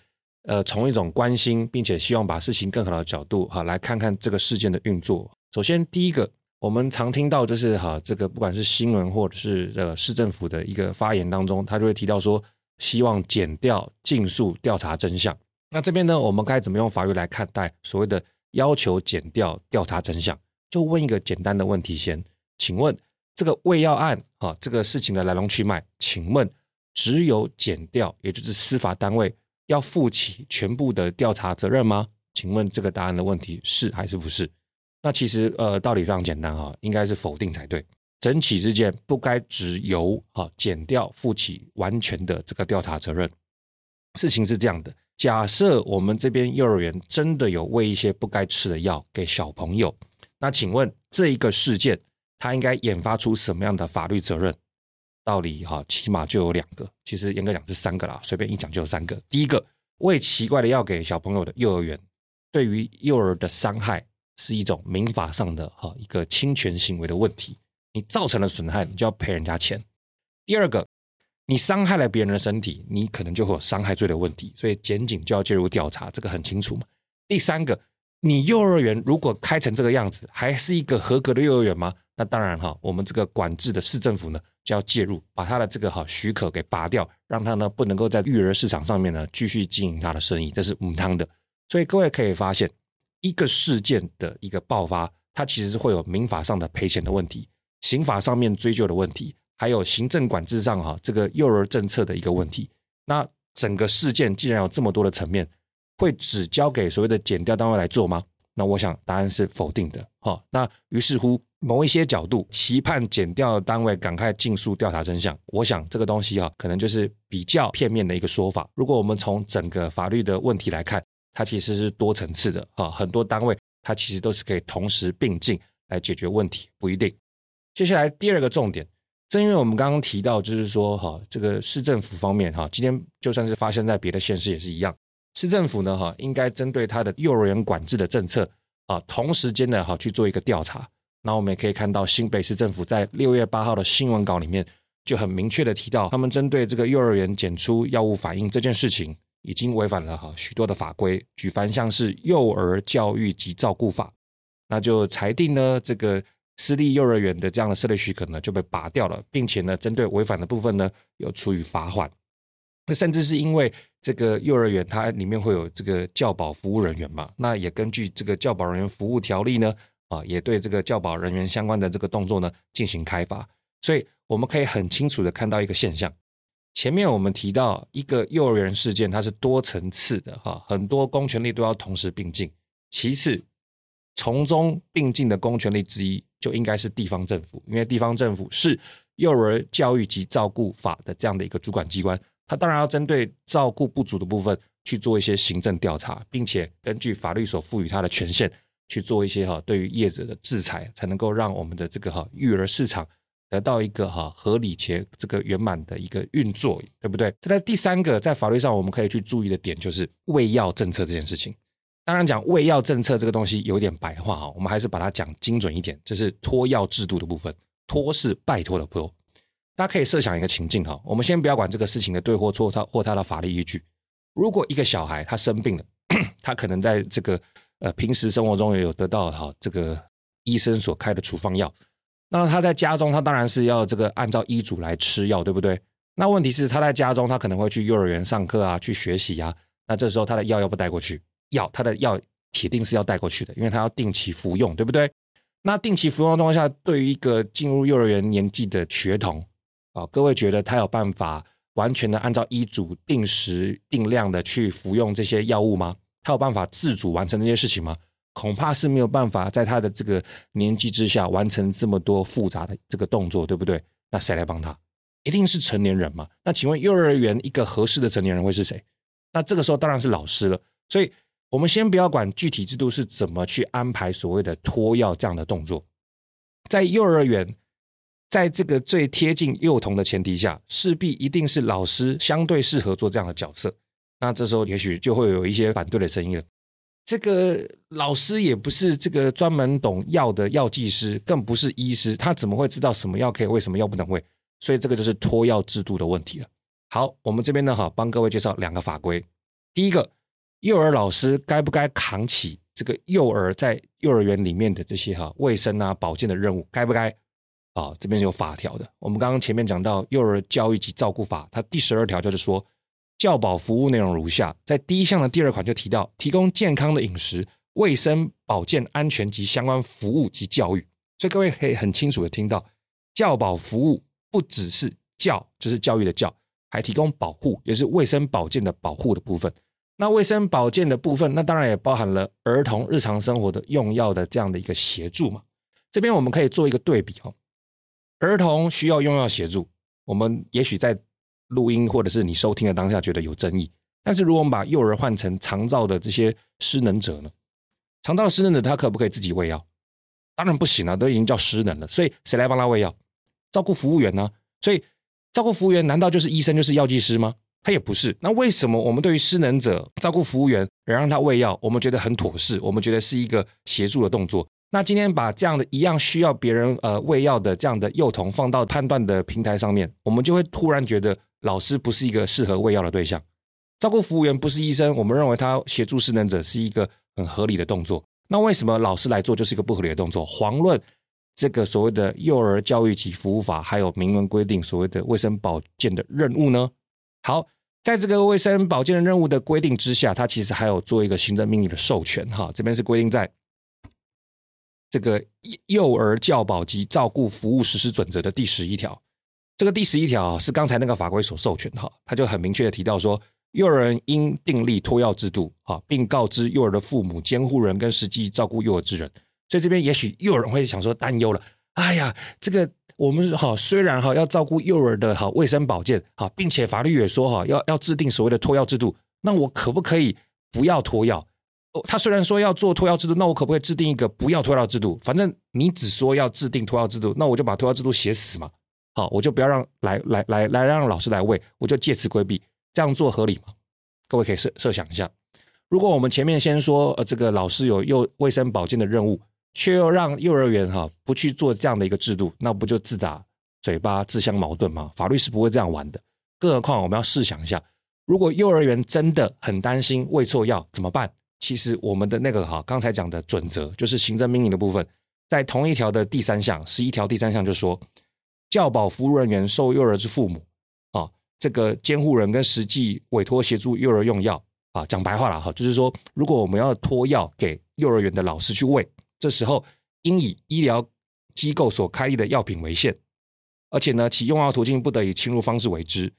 呃，從一種關心並且希望把事情更好的角度，哈、啊，來看看這個事件的運作。首先，第一個我們常聽到就是哈、啊，這個不管是新聞或者是呃市政府的一個發言當中，他就會提到說，希望檢調、儘速調查真相。那這邊呢，我們該怎麼用法律來看待所謂的要求檢調調查真相？就問一個簡單的問題先，請問這個餵藥案哈、啊，這個事情的來龍去脈，請問只有檢調，也就是司法單位，要負起全部的調查責任嗎？請問這個答案的問題是還是不是？那其實呃道理非常簡單哈，應該是否定才對。整起事件不該只由哈檢調負起完全的這個調查責任。事情是這樣的，假設我們這邊幼兒園真的有餵一些不該吃的藥給小朋友，那請問這一個事件，它應該引發出什麼樣的法律責任？道理哈，起碼就有兩個。其實嚴格講是三個啦，隨便一講就有三個。第一個，餵奇怪的藥給小朋友的幼兒園，對於幼兒的傷害是一種民法上的哈一個侵權行為的問題，你造成了損害，你就要賠人家錢。第二個，你傷害了別人的身體，你可能就會有傷害罪的問題，所以檢警就要介入調查，這個很清楚嘛。第三個，你幼兒園如果開成這個樣子，還是一個合格的幼兒園嗎？那當然哈，我們這個管制的市政府呢，就要介入，把他的這個哈許可給拔掉，讓他呢不能夠在育兒市場上面呢繼續經營他的生意，這是母湯的。所以各位可以發現，一個事件的一個爆發，它其實是會有民法上的賠錢的問題，刑法上面追究的問題，還有行政管制上哈這個幼兒政策的一個問題。那整個事件既然有這麼多的層面，會只交給所謂的檢調單位來做嗎？那我想答案是否定的。哈，那於是乎。某一些角度，期盼檢調的單位趕快盡速調查真相。我想這個東西哈、啊，可能就是比較片面的一個說法。如果我們從整個法律的問題來看，它其實是多層次的哈。很多單位它其實都是可以同時並進來解決問題，不一定。接下來第二個重點，正因為我們剛剛提到，就是說哈，這個市政府方面哈，今天就算是發生在別的縣市也是一樣，市政府呢哈，應該針對它的幼兒園管制的政策啊，同時間的哈去做一個調查。那我們也可以看到，新北市政府在六月八號的新聞稿裡面就很明確的提到，他們針對這個幼兒園檢出藥物反應這件事情，已經違反了哈許多的法規，舉凡像是《幼兒教育及照顧法》，那就裁定呢，這個私立幼兒園的這樣的設立許可呢就被拔掉了，並且呢，針對違反的部分呢又處以罰鍰。那甚至是因為這個幼兒園它裡面會有這個教保服務人員嘛，那也根據這個教保人員服務條例呢，啊，也對這個教保人員相關的這個動作呢進行開發，所以我們可以很清楚的看到一個現象。前面我們提到一個幼兒園事件，它是多層次的哈，很多公權力都要同時並進。其次，從中並進的公權力之一就應該是地方政府，因為地方政府是幼兒教育及照顧法的這樣的一個主管機關，它當然要針對照顧不足的部分去做一些行政調查，並且根據法律所賦予它的權限。去做一些哈，對於業者的制裁，才能夠讓我們的這個哈育兒市場得到一個哈合理且這個圓滿的一個運作，對不對？這在第三個，在法律上我們可以去注意的點就是餵藥政策這件事情。當然講餵藥政策這個東西有點白話哈，我們還是把它講精準一點，就是託藥制度的部分。托是拜託的託，大家可以設想一個情境哈，我們先不要管這個事情的對或錯，它或它的法律依據。如果一個小孩他生病了， 他可能在這個。呃，平時生活中也有得到哈，這個醫生所開的處方藥。那他在家中，他當然是要這個按照醫囑來吃藥，對不對？那問題是他在家中，他可能會去幼兒園上課啊，去學習啊。那這時候他的藥要不帶過去，藥他的藥鐵定是要帶過去的，因為他要定期服用，對不對？那定期服用的狀況下，對於一個進入幼兒園年紀的學童啊，各位覺得他有辦法完全的按照醫囑定時定量的去服用這些藥物嗎？他有辦法自主完成這些事情嗎？恐怕是沒有辦法，在他的這個年紀之下完成這麼多複雜的這個動作，對不對？那誰來幫他？一定是成年人嘛？那請問幼兒園一個合適的成年人會是誰？那這個時候當然是老師了。所以，我們先不要管具體制度是怎麼去安排所謂的托藥這樣的動作，在幼兒園，在這個最貼近幼童的前提下，勢必一定是老師相對適合做這樣的角色。那這時候也許就會有一些反對的聲音了。這個老師也不是這個專門懂藥的藥劑師，更不是醫師，他怎麼會知道什麼藥可以餵，什麼藥不能餵？所以這個就是托藥制度的問題了。好，我們這邊呢，哈，幫各位介紹兩個法規。第一個，幼兒老師該不該扛起這個幼兒在幼兒園裡面的這些哈、啊、衛生啊、保健的任務？該不該？啊，這邊是有法條的。我們剛剛前面講到《幼兒教育及照顧法》，它第十二條就是說。教保服務內容如下，在第一項的第二款就提到提供健康的飲食、衛生保健、安全及相關服務及教育，所以各位可以很清楚的聽到，教保服務不只是教，就是教育的教，還提供保護，也是衛生保健的保護的部分。那衛生保健的部分，那當然也包含了兒童日常生活的用藥的這樣的一個協助嘛。這邊我們可以做一個對比哦，兒童需要用藥協助，我們也許在。錄音或者是你收聽的當下覺得有爭議，但是如果我們把幼兒換成長照的這些失能者呢？長照失能者他可不可以自己餵藥？當然不行了、啊，都已經叫失能了。所以誰來幫他餵藥？照顧服務員呢、啊？所以照顧服務員難道就是醫生就是藥劑師嗎？他也不是。那為什麼我們對於失能者照顧服務員人讓他餵藥，我們覺得很妥適？我們覺得是一個協助的動作。那今天把這樣的一樣需要別人呃餵藥的這樣的幼童放到判斷的平台上面，我們就會突然覺得。老師不是一個適合餵藥的對象，照顧服務員不是醫生，我們認為他協助失能者是一個很合理的動作。那為什麼老師來做就是一個不合理的動作？遑論這個所謂的幼兒教育及服務法，還有明文規定所謂的衛生保健的任務呢？好，在這個衛生保健的任務的規定之下，它其實還有做一個行政命令的授權。哈，這邊是規定在這個幼幼兒教保及照顧服務實施準則的第十一條。這個第十一條是剛才那個法規所授權哈，他就很明確的提到說，幼兒園應訂立托藥制度哈，並告知幼兒的父母、監護人跟實際照顧幼兒之人。所以這邊也許又有人會想說，擔憂了，哎呀，這個我們哈雖然哈要照顧幼兒的好衛生保健哈，並且法律也說哈要要制定所謂的托藥制度，那我可不可以不要托藥？哦，他雖然說要做托藥制度，那我可不可以制定一個不要托藥制度？反正你只說要制定托藥制度，那我就把托藥制度寫死嘛。好，我就不要讓來來來來讓老師來餵，我就借此規避，這樣做合理嗎？各位可以設設想一下，如果我們前面先說呃，這個老師有又衛生保健的任務，卻又讓幼兒園哈、啊、不去做這樣的一個制度，那不就自打嘴巴、自相矛盾嗎？法律是不會這樣玩的。更何況，我們要試想一下，如果幼兒園真的很擔心餵錯藥怎麼辦？其實我們的那個哈、啊，剛才講的準則就是行政命令的部分，在同一條的第三項，十一條第三項就說。教保服務人員受幼兒之父母啊，這個監護人跟實際委托協助幼兒用藥啊，講白話啦，哈，就是說，如果我們要托藥給幼兒園的老師去餵，這時候應以醫療機構所開立的藥品為限，而且呢，其用藥途徑不得以侵入方式為之。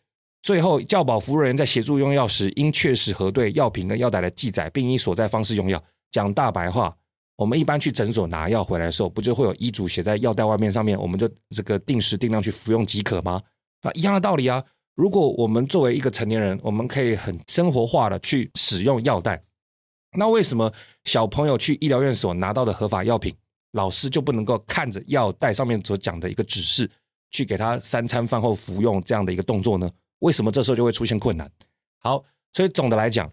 最後，教保服務人員在協助用藥時，應確實核對藥品跟藥袋的記載，並以所在方式用藥。講大白話。我們一般去診所拿藥回來的時候，不就會有醫囑寫在藥袋外面上面，我們就這個定時定量去服用即可嗎？那一樣的道理啊。如果我們作為一個成年人，我們可以很生活化的去使用藥袋，那為什麼小朋友去醫療院所拿到的合法藥品，老師就不能夠看着藥袋上面所講的一個指示，去給他三餐飯後服用這樣的一個動作呢？為什麼這時候就會出現困難？好，所以總的來講，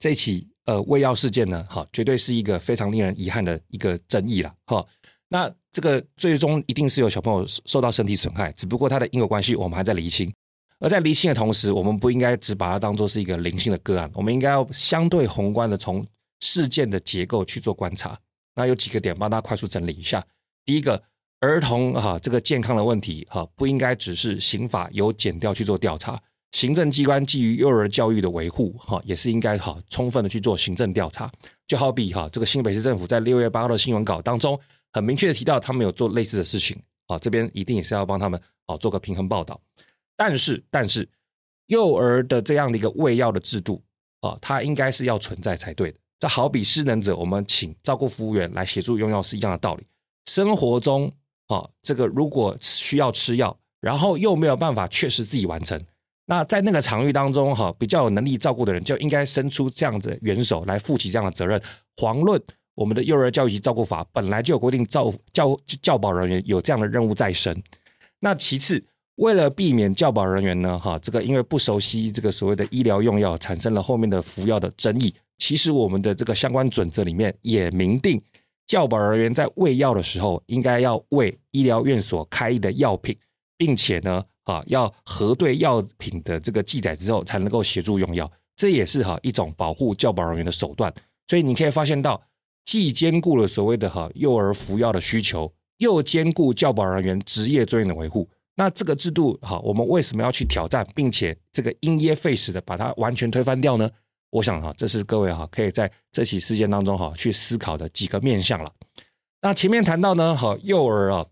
這一期。呃，餵藥事件呢，哈、哦，絕對是一個非常令人遺憾的一個爭議了，哈、哦。那這個最終一定是有小朋友受到身體損害，只不過他的因果關係我們還在釐清。而在釐清的同時，我們不應該只把它當做是一個零星的個案，我們應該要相對宏觀的從事件的結構去做觀察。那有幾個點幫大家快速整理一下：第一個，兒童哈、哦、這個健康的問題哈、哦，不應該只是刑法由檢調去做調查。行政機關基於幼兒教育的維護，哈，也是應該哈充分的去做行政調查。就好比哈，這個新北市政府在六月八號的新聞稿當中，很明確的提到他們有做類似的事情啊。這邊一定也是要幫他們啊做個平衡報道。但是，但是幼兒的這樣的一個餵藥的制度啊，它應該是要存在才對的。這好比失能者，我們請照顧服務員來協助用藥是一樣的道理。生活中啊，這個如果需要吃藥，然後又沒有辦法確實自己完成。那在那個場域當中，哈，比較有能力照顧的人就應該伸出這樣的援手來負起這樣的責任。遑論我們的幼兒教育及照顧法本來就有規定照、照教教保人員有這樣的任務在身。那其次，為了避免教保人員呢，哈，這個因為不熟悉這個所謂的醫療用藥，產生了後面的服藥的爭議。其實我們的這個相關準則裡面也明定，教保人員在餵藥的時候，應該要餵醫療院所開立的藥品，並且呢。啊，要核對藥品的這個記載之後，才能夠協助用藥。這也是哈一種保護教保人員的手段。所以你可以發現到，既兼顧了所謂的哈幼兒服藥的需求，又兼顧教保人員職業尊嚴的維護。那這個制度哈，我們為什麼要去挑戰，並且這個因噎廢食的把它完全推翻掉呢？我想哈，這是各位哈可以在這起事件當中哈去思考的幾個面向了。那前面談到呢，哈幼兒啊，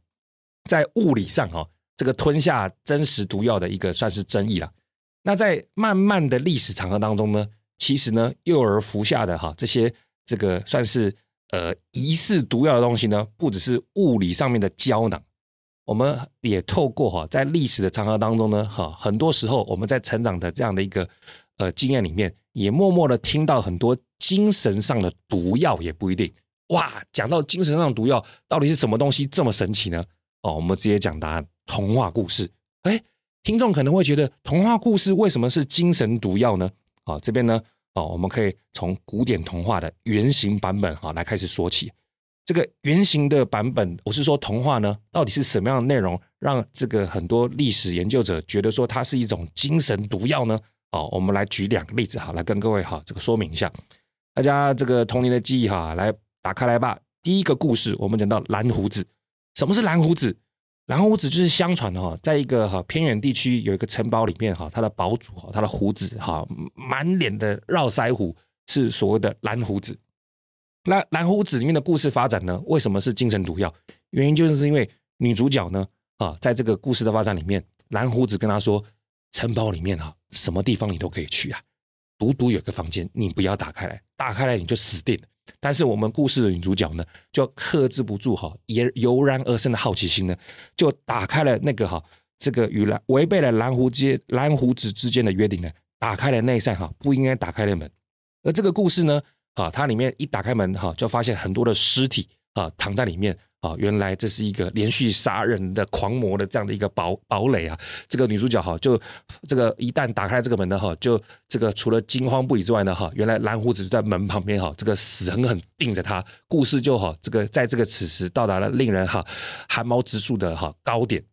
在物理上哈。這個吞下真實毒藥的一個算是爭議了。那在漫漫的歷史長河當中呢，其實呢，幼兒服下的哈這些這個算是呃疑似毒藥的東西呢，不只是物理上面的膠囊。我們也透過哈在歷史的長河當中呢，哈很多時候我們在成長的這樣的一個呃經驗裡面，也默默的聽到很多精神上的毒藥也不一定哇。講到精神上毒藥到底是什麼東西這麼神奇呢？哦，我們直接講答案。童話故事，哎，聽眾可能會覺得童話故事為什麼是精神毒藥呢？啊、哦，這邊呢，哦，我們可以從古典童話的原型版本哈、哦、來開始說起。這個原型的版本，我是說童話呢，到底是什麼樣的內容，讓這個很多歷史研究者覺得說它是一種精神毒藥呢？啊、哦，我們來舉兩個例子哈，來跟各位哈、哦、這個說明一下。大家這個童年的記憶哈、哦，來打開來吧。第一個故事，我們講到藍鬍子。什麼是藍鬍子？藍鬍子就是相傳哈，在一個哈偏遠地區有一個城堡裡面哈，他的堡主哈，他的鬍子哈，滿臉的絡腮鬍，是所謂的藍鬍子。那藍鬍子裡面的故事發展呢，為什麼是精神毒藥？原因就是因為女主角呢啊，在這個故事的發展裡面，藍鬍子跟她說，城堡裡面哈，什麼地方你都可以去啊，獨獨有個房間你不要打開來，打開來你就死定了。但是我們故事的女主角呢，就克制不住哈、哦，也油然而生的好奇心呢，就打開了那個哈、哦，這個與藍違背了藍鬍子藍鬍子之間的約定呢，打開了那扇哈不應該打開的門。而這個故事呢，啊，它裡面一打開門哈，就發現很多的屍體啊躺在裡面。啊，原來這是一個連續殺人的狂魔的這樣的一個堡堡壘啊！這個女主角哈，就這個一旦打開這個門呢哈，就這個除了驚慌不已之外呢哈，原來藍胡子就在門旁邊哈，這個死狠狠盯着她。故事就好，這個在這個此時到達了令人哈寒毛直豎的哈高點。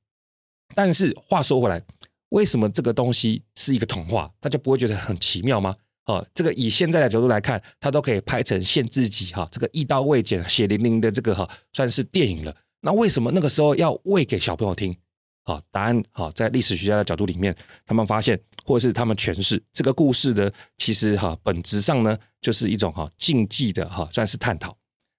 但是話說回來，為什麼這個東西是一個童話，大家不會覺得很奇妙嗎？好、哦，這個以現在的角度來看，它都可以拍成限制級哈、哦，這個一刀未剪、血淋淋的這個哈、哦，算是電影了。那為什麼那個時候要餵給小朋友聽？好、哦，答案好、哦，在歷史學家的角度裡面，他們發現或者是他們詮釋這個故事呢，其實哈、哦、本質上呢，就是一種哈、哦、禁忌的哈、哦，算是探討。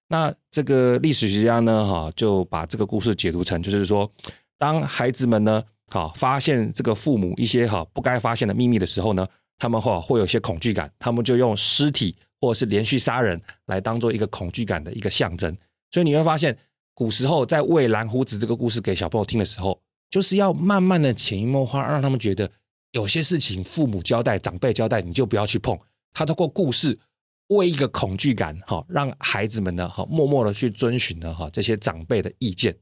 那這個歷史學家呢，哈、哦、就把這個故事解讀成，就是說，當孩子們呢，好、哦、發現這個父母一些哈、哦、不該發現的秘密的時候呢，他們哈會有些恐懼感，他們就用屍體或者是連續殺人來當做一個恐懼感的一個象徵。所以你會發現，古時候在餵藍鬍子這個故事給小朋友聽的時候，就是要慢慢的潛移默化，讓他們覺得有些事情父母交代，長輩交代，你就不要去碰。他通過故事為一個恐懼感哈、哦，讓孩子們呢哈、哦、默默的去遵循呢哈、哦、這些長輩的意見。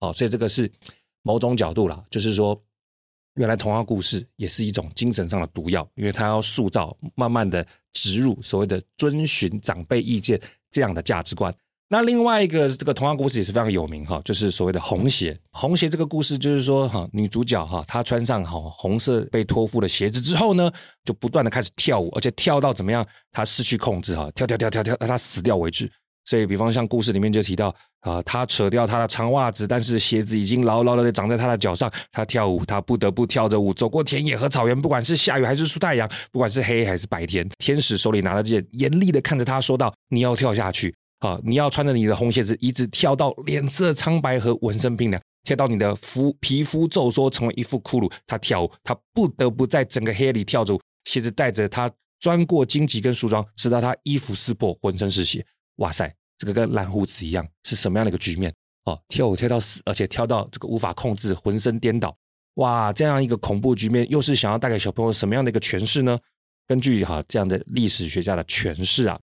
哦，所以這個是某種角度啦，就是說。原來童話故事也是一種精神上的毒藥，因為它要塑造，慢慢的植入所謂的遵循長輩意見這樣的價值觀。那另外一個這個童話故事也是非常有名哈，就是所謂的紅鞋。紅鞋這個故事就是說哈，女主角哈她穿上哈紅色被托付的鞋子之後呢，就不斷的開始跳舞，而且跳到怎麼樣，她失去控制哈，跳跳跳跳跳，她死掉為止。所以，比方像故事裡面就提到。啊、呃！他扯掉他的長襪子，但是鞋子已經牢牢的長在他的腳上。他跳舞，他不得不跳着舞走過田野和草原，不管是下雨還是出太陽，不管是黑還是白天。天使手裡拿着劍，嚴厲的看着他，說道：“你要跳下去啊、呃！你要穿着你的紅鞋子，一直跳到臉色蒼白和渾身冰涼，跳到你的膚皮膚皺縮，成為一副骷髏。”他跳舞，他不得不在整個黑夜裡跳着舞。鞋子帶着他鑽過荊棘跟樹樁，直到他衣服撕破，渾身是血。哇塞！這個跟藍鬍子一樣是什麼樣的一個局面哦？跳舞跳到死，而且跳到這個無法控制，渾身顛倒，哇！這樣一個恐怖局面，又是想要帶給小朋友什麼樣的一個詮釋呢？根據哈、啊、這樣的歷史學家的詮釋啊，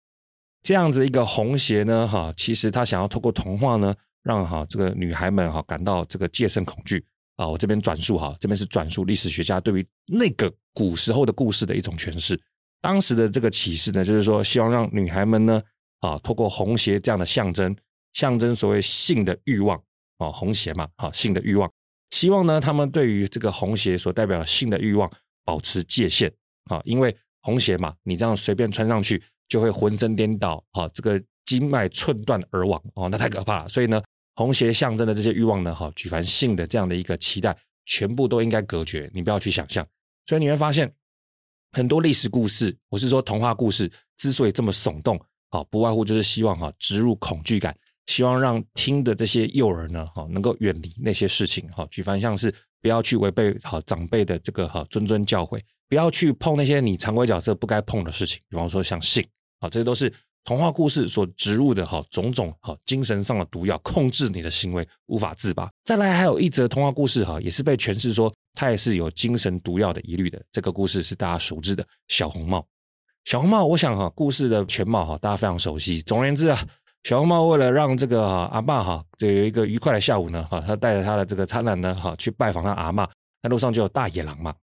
這樣子一個紅鞋呢，哈、啊，其實他想要透過童話呢，讓哈、啊、這個女孩們哈、啊、感到這個戒慎恐懼啊。我這邊轉述哈、啊，這邊是轉述歷史學家對於那個古時候的故事的一種詮釋。當時的這個啟示呢，就是說希望讓女孩們呢。啊，透過紅鞋這樣的象徵，象徵所謂性的欲望啊，紅鞋嘛，啊，性的欲望，希望呢，他們對於這個紅鞋所代表性的欲望保持界限啊，因為紅鞋嘛，你這樣隨便穿上去就會渾身顛倒啊，這個筋脈寸斷而亡哦、啊，那太可怕了。所以呢，紅鞋象徵的這些欲望呢，哈、啊，舉凡性的這樣的一個期待，全部都應該隔絕，你不要去想象。所以你會發現，很多歷史故事，我是說童話故事，之所以這麼聳動。好，不外乎就是希望哈植入恐懼感，希望讓聽的這些幼兒呢哈能夠遠離那些事情哈。舉凡像是不要去違背好長輩的這個哈諄諄教誨，不要去碰那些你常規角色不該碰的事情，比方說像性啊，這些都是童話故事所植入的哈種種哈精神上的毒藥，控制你的行為無法自拔。再來，還有一則童話故事哈，也是被詮釋說它也是有精神毒藥的疑慮的。這個故事是大家熟知的小紅帽。小紅帽，我想哈，故事的全貌哈，大家非常熟悉。總而言之啊，小紅帽為了讓這個阿嬤哈，這有一個愉快的下午呢，哈，他帶着他的這個燦爛呢，哈，去拜訪他阿媽。那路上就有大野狼嘛。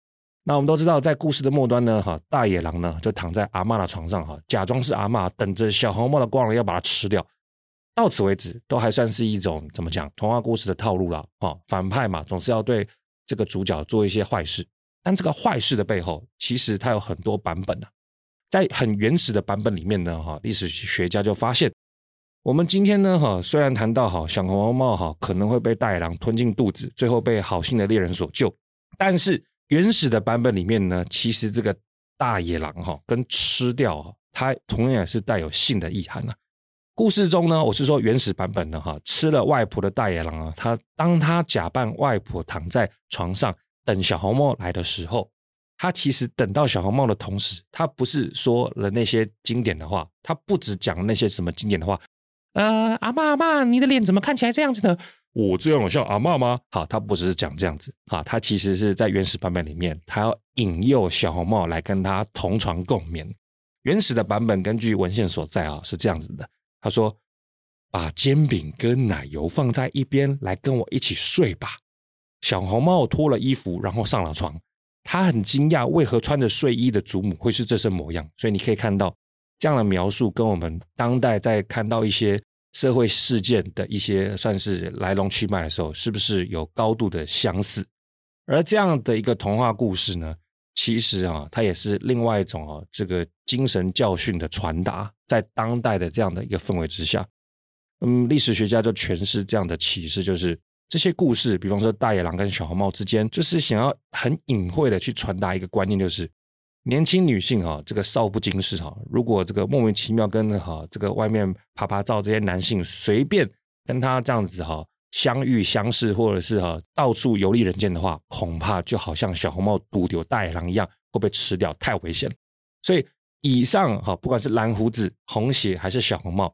那我們都知道，在故事的末端呢，哈，大野狼呢就躺在阿媽的床上哈，假裝是阿媽，等着小紅帽的光臨要把它吃掉。到此為止，都還算是一種怎麼講童話故事的套路了哈，反派嘛，總是要對這個主角做一些壞事，但這個壞事的背後，其實它有很多版本啊。在很原始的版本裡面呢，哈，歷史學家就發現，我們今天呢，哈，雖然談到哈小紅帽哈可能會被大野狼吞進肚子，最後被好心的獵人所救，但是原始的版本裡面呢，其實這個大野狼哈跟吃掉哈它同樣也是帶有性的意涵了啊。故事中呢，我是說原始版本的哈，吃了外婆的大野狼啊，他當他假扮外婆躺在床上等小紅帽來的時候。他其實等到小紅帽的同時，他不是說了那些經典的話，他不止講那些什麼經典的話。呃，阿嬤阿嬤，你的臉怎麼看起來這樣子呢？我這樣，我像阿嬤嗎？好，他不只是講這樣子，好，他其實是在原始版本裡面，他要引誘小紅帽來跟他同床共眠。原始的版本根據文獻所在啊、哦，是這樣子的。他說：“把煎餅跟奶油放在一邊，來跟我一起睡吧。”小紅帽脫了衣服，然後上了床。他很驚訝，為何穿着睡衣的祖母會是這身模樣？所以你可以看到這樣的描述，跟我們當代在看到一些社會事件的一些算是來龍去脈的時候，是不是有高度的相似？而這樣的一個童話故事呢，其實啊，它也是另外一種啊，這個精神教訓的傳達，在當代的這樣的一個氛圍之下，嗯，歷史學家就詮釋這樣的啟示就是。這些故事，比方說大野狼跟小紅帽之間，就是想要很隱晦的去傳達一個觀念，就是年輕女性哈，這個少不更事哈，如果這個莫名其妙跟哈這個外面啪啪照這些男性隨便跟他這樣子哈相遇相識，或者是哈到處遊歷人間的話，恐怕就好像小紅帽獨丟大野狼一樣，會被吃掉，太危險了。所以以上哈，不管是藍胡子、紅鞋還是小紅帽，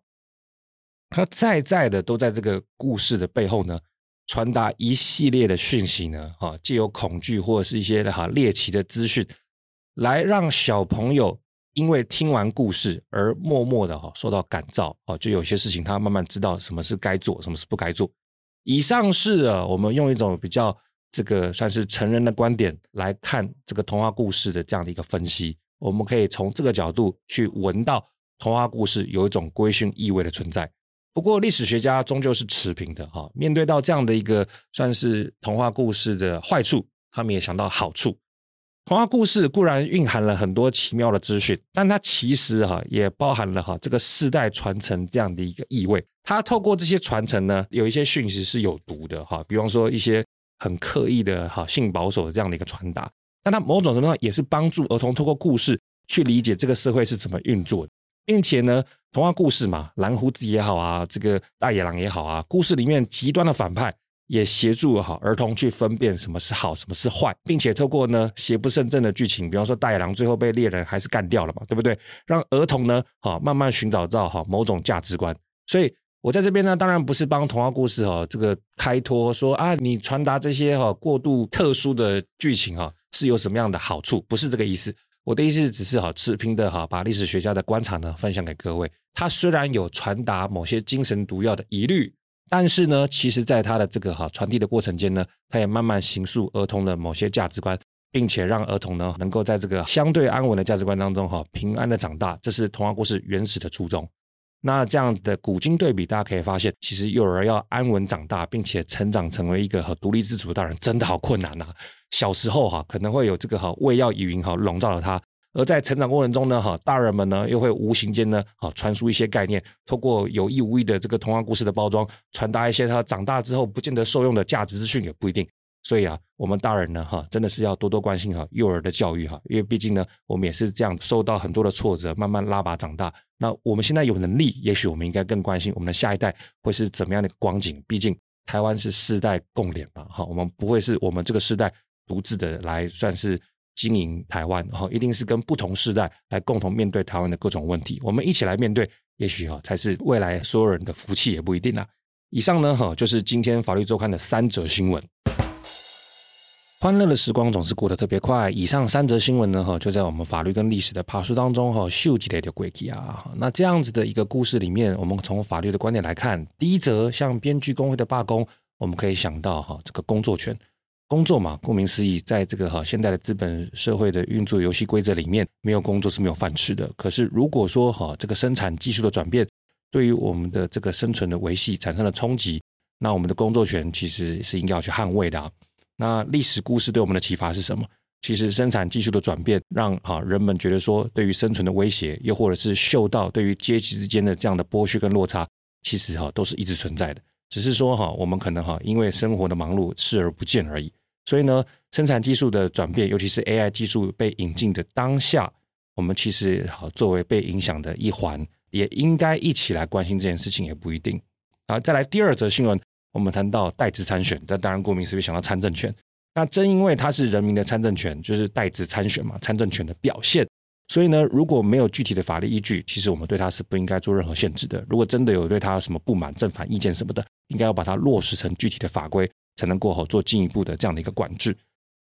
他在在的都在這個故事的背後呢。傳達一系列的訊息呢，哈，借由恐懼或者是一些的哈獵奇的資訊，來讓小朋友因為聽完故事而默默的哈受到感召，啊，就有些事情他慢慢知道什麼是該做，什麼是不該做。以上是我們用一種比較這個算是成人的觀點來看這個童話故事的這樣的一個分析，我們可以從這個角度去聞到童話故事有一種規訓意味的存在。不過，歷史學家終究是持平的哈。面對到這樣的一個算是童話故事的壞處，他們也想到好處。童話故事固然蘊含了很多奇妙的資訊，但它其實哈也包含了哈這個世代傳承這樣的一個意味。它透過這些傳承呢，有一些訊息是有毒的哈，比方說一些很刻意的哈性保守的這樣的一個傳達。但它某種程度上也是幫助兒童透過故事去理解這個社會是怎麼運作的，並且呢。童話故事嘛，藍鬍子也好啊，這個大野狼也好啊，故事裡面極端的反派也協助哈兒童去分辨什麼是好，什麼是壞，並且透過呢邪不勝正的劇情，比方說大野狼最後被獵人還是幹掉了嘛，對不對？讓兒童呢哈、哦、慢慢尋找到哈某種價值觀。所以我在這邊呢，當然不是幫童話故事哈、哦、這個開脫，說啊你傳達這些哈、哦、過度特殊的劇情哈、哦、是有什麼樣的好處，不是這個意思。我的意思是只是哈、哦、持平的哈、哦、把歷史學家的觀察呢分享給各位。他雖然有傳達某些精神毒藥的疑慮，但是呢，其實，在他的這個哈傳遞的過程間呢，他也慢慢形塑兒童的某些價值觀，並且讓兒童呢能夠在這個相對安穩的價值觀當中哈平安的長大。這是童話故事原始的初衷。那這樣子的古今對比，大家可以發現，其實幼兒要安穩長大，並且成長成為一個哈獨立自主的大人，真的好困難啊！小時候哈，可能會有這個哈餵藥、語音哈籠罩了他。而在成長過程中呢，哈，大人們呢又會無形間呢，哈，傳輸一些概念，透過有意無意的這個童話故事的包裝，傳達一些他長大之後不見得受用的價值資訊也不一定。所以啊，我們大人呢，哈，真的是要多多關心哈幼兒的教育哈，因為畢竟呢，我們也是這樣受到很多的挫折，慢慢拉拔長大。那我們現在有能力，也許我們應該更關心我們的下一代會是怎麼樣的光景。畢竟台灣是世代共連嘛，哈，我們不會是我們這個世代獨自的來算是。經營台灣，哈，一定是跟不同時代來共同面對台灣的各種問題。我們一起來面對，也許哈才是未來所有人的福氣，也不一定吶、啊。以上呢，哈，就是今天法歷周刊的三則新聞。歡樂的時光總是過得特別快。以上三則新聞呢，哈，就在我們法律跟歷史的爬梳當中，哈，秀幾條軌跡啊。那這樣子的一個故事裡面，我們從法律的觀點來看，第一則像編劇工會的罷工，我們可以想到哈，這個工作權。工作嘛，顧名思義，在這個哈現代的資本社會的運作遊戲規則裡面，沒有工作是沒有飯吃的。可是如果說哈這個生產技術的轉變，對於我們的這個生存的維繫產生了衝擊，那我們的工作權其實是應該要去捍衛的啊。那歷史故事對我們的啟發是什麼？其實生產技術的轉變讓哈人們覺得說，對於生存的威脅，又或者是嗅到對於階級之間的這樣的剝削跟落差，其實哈都是一直存在的。只是說哈，我們可能哈，因為生活的忙碌視而不見而已。所以呢，生產技術的轉變，尤其是 AI 技術被引進的當下，我們其實好作為被影響的一環，也應該一起來關心這件事情，也不一定。好、啊，再來第二則新聞，我們談到帶職參選，那當然顧名思義想到參政權。那正因為它是人民的參政權，就是帶職參選嘛，參政權的表現。所以呢，如果沒有具體的法律依據，其實我們對他是不應該做任何限制的。如果真的有對他有什麼不滿、正反意見什麼的，應該要把它落實成具體的法規，才能過後做進一步的這樣的一個管制。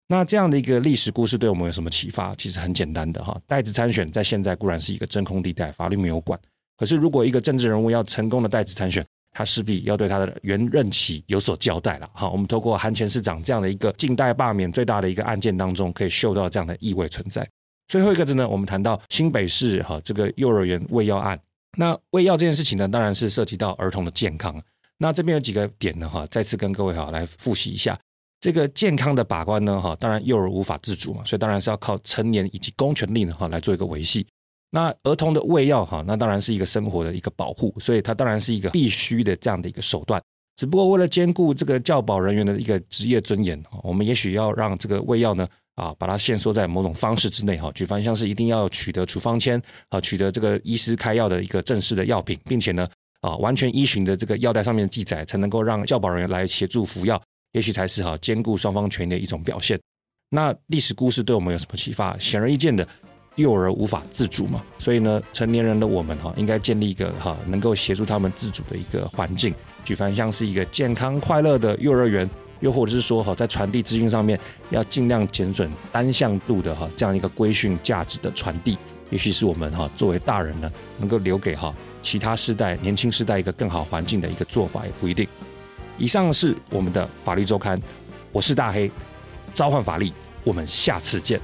那這樣的一個歷史故事對我們有什麼啟發？其實很簡單的哈，帶職參選在現在固然是一個真空地帶，法律沒有管。可是如果一個政治人物要成功的帶職參選，他勢必要對他的原任期有所交代了。哈，我們透過韓前市長這樣的一個近代罷免最大的一個案件當中，可以嗅到這樣的意味存在。最後一個字呢，我們談到新北市哈，這個幼兒園餵藥案。那餵藥這件事情呢，當然是涉及到兒童的健康。那這邊有幾個點呢哈，再次跟各位哈來複習一下。這個健康的把關呢哈，當然幼兒無法自主嘛，所以當然是要靠成年以及公權力呢哈來做一個維繫。那兒童的餵藥哈，那當然是一個生活的一個保護，所以它當然是一個必須的這樣的一個手段。只不過為了兼顧這個教保人員的一個職業尊嚴，我們也許要讓這個餵藥呢。啊，把它限縮在某種方式之內哈。舉凡像是一定要取得處方簽，啊，取得這個醫師開藥的一個正式的藥品，並且呢，啊，完全依循著這個藥袋上面的記載，才能夠讓教保人員來協助服藥，也許才是哈、啊、兼顧雙方權益的一種表現。那歷史故事對我們有什麼啟發？顯而易見的，幼兒無法自主嘛，所以呢，成年人的我們哈、啊，應該建立一個哈、啊、能夠協助他們自主的一個環境。舉凡像是一個健康快樂的幼兒園。又或者是說，哈，在傳遞資訊上面，要盡量減損單向度的哈，這樣一個規訓價值的傳遞，也許是我們哈作為大人呢，能夠留給哈其他世代、年輕世代一個更好環境的一個做法，也不一定。以上是我們的法歷週刊，我是大黑，召喚法力，我們下次見。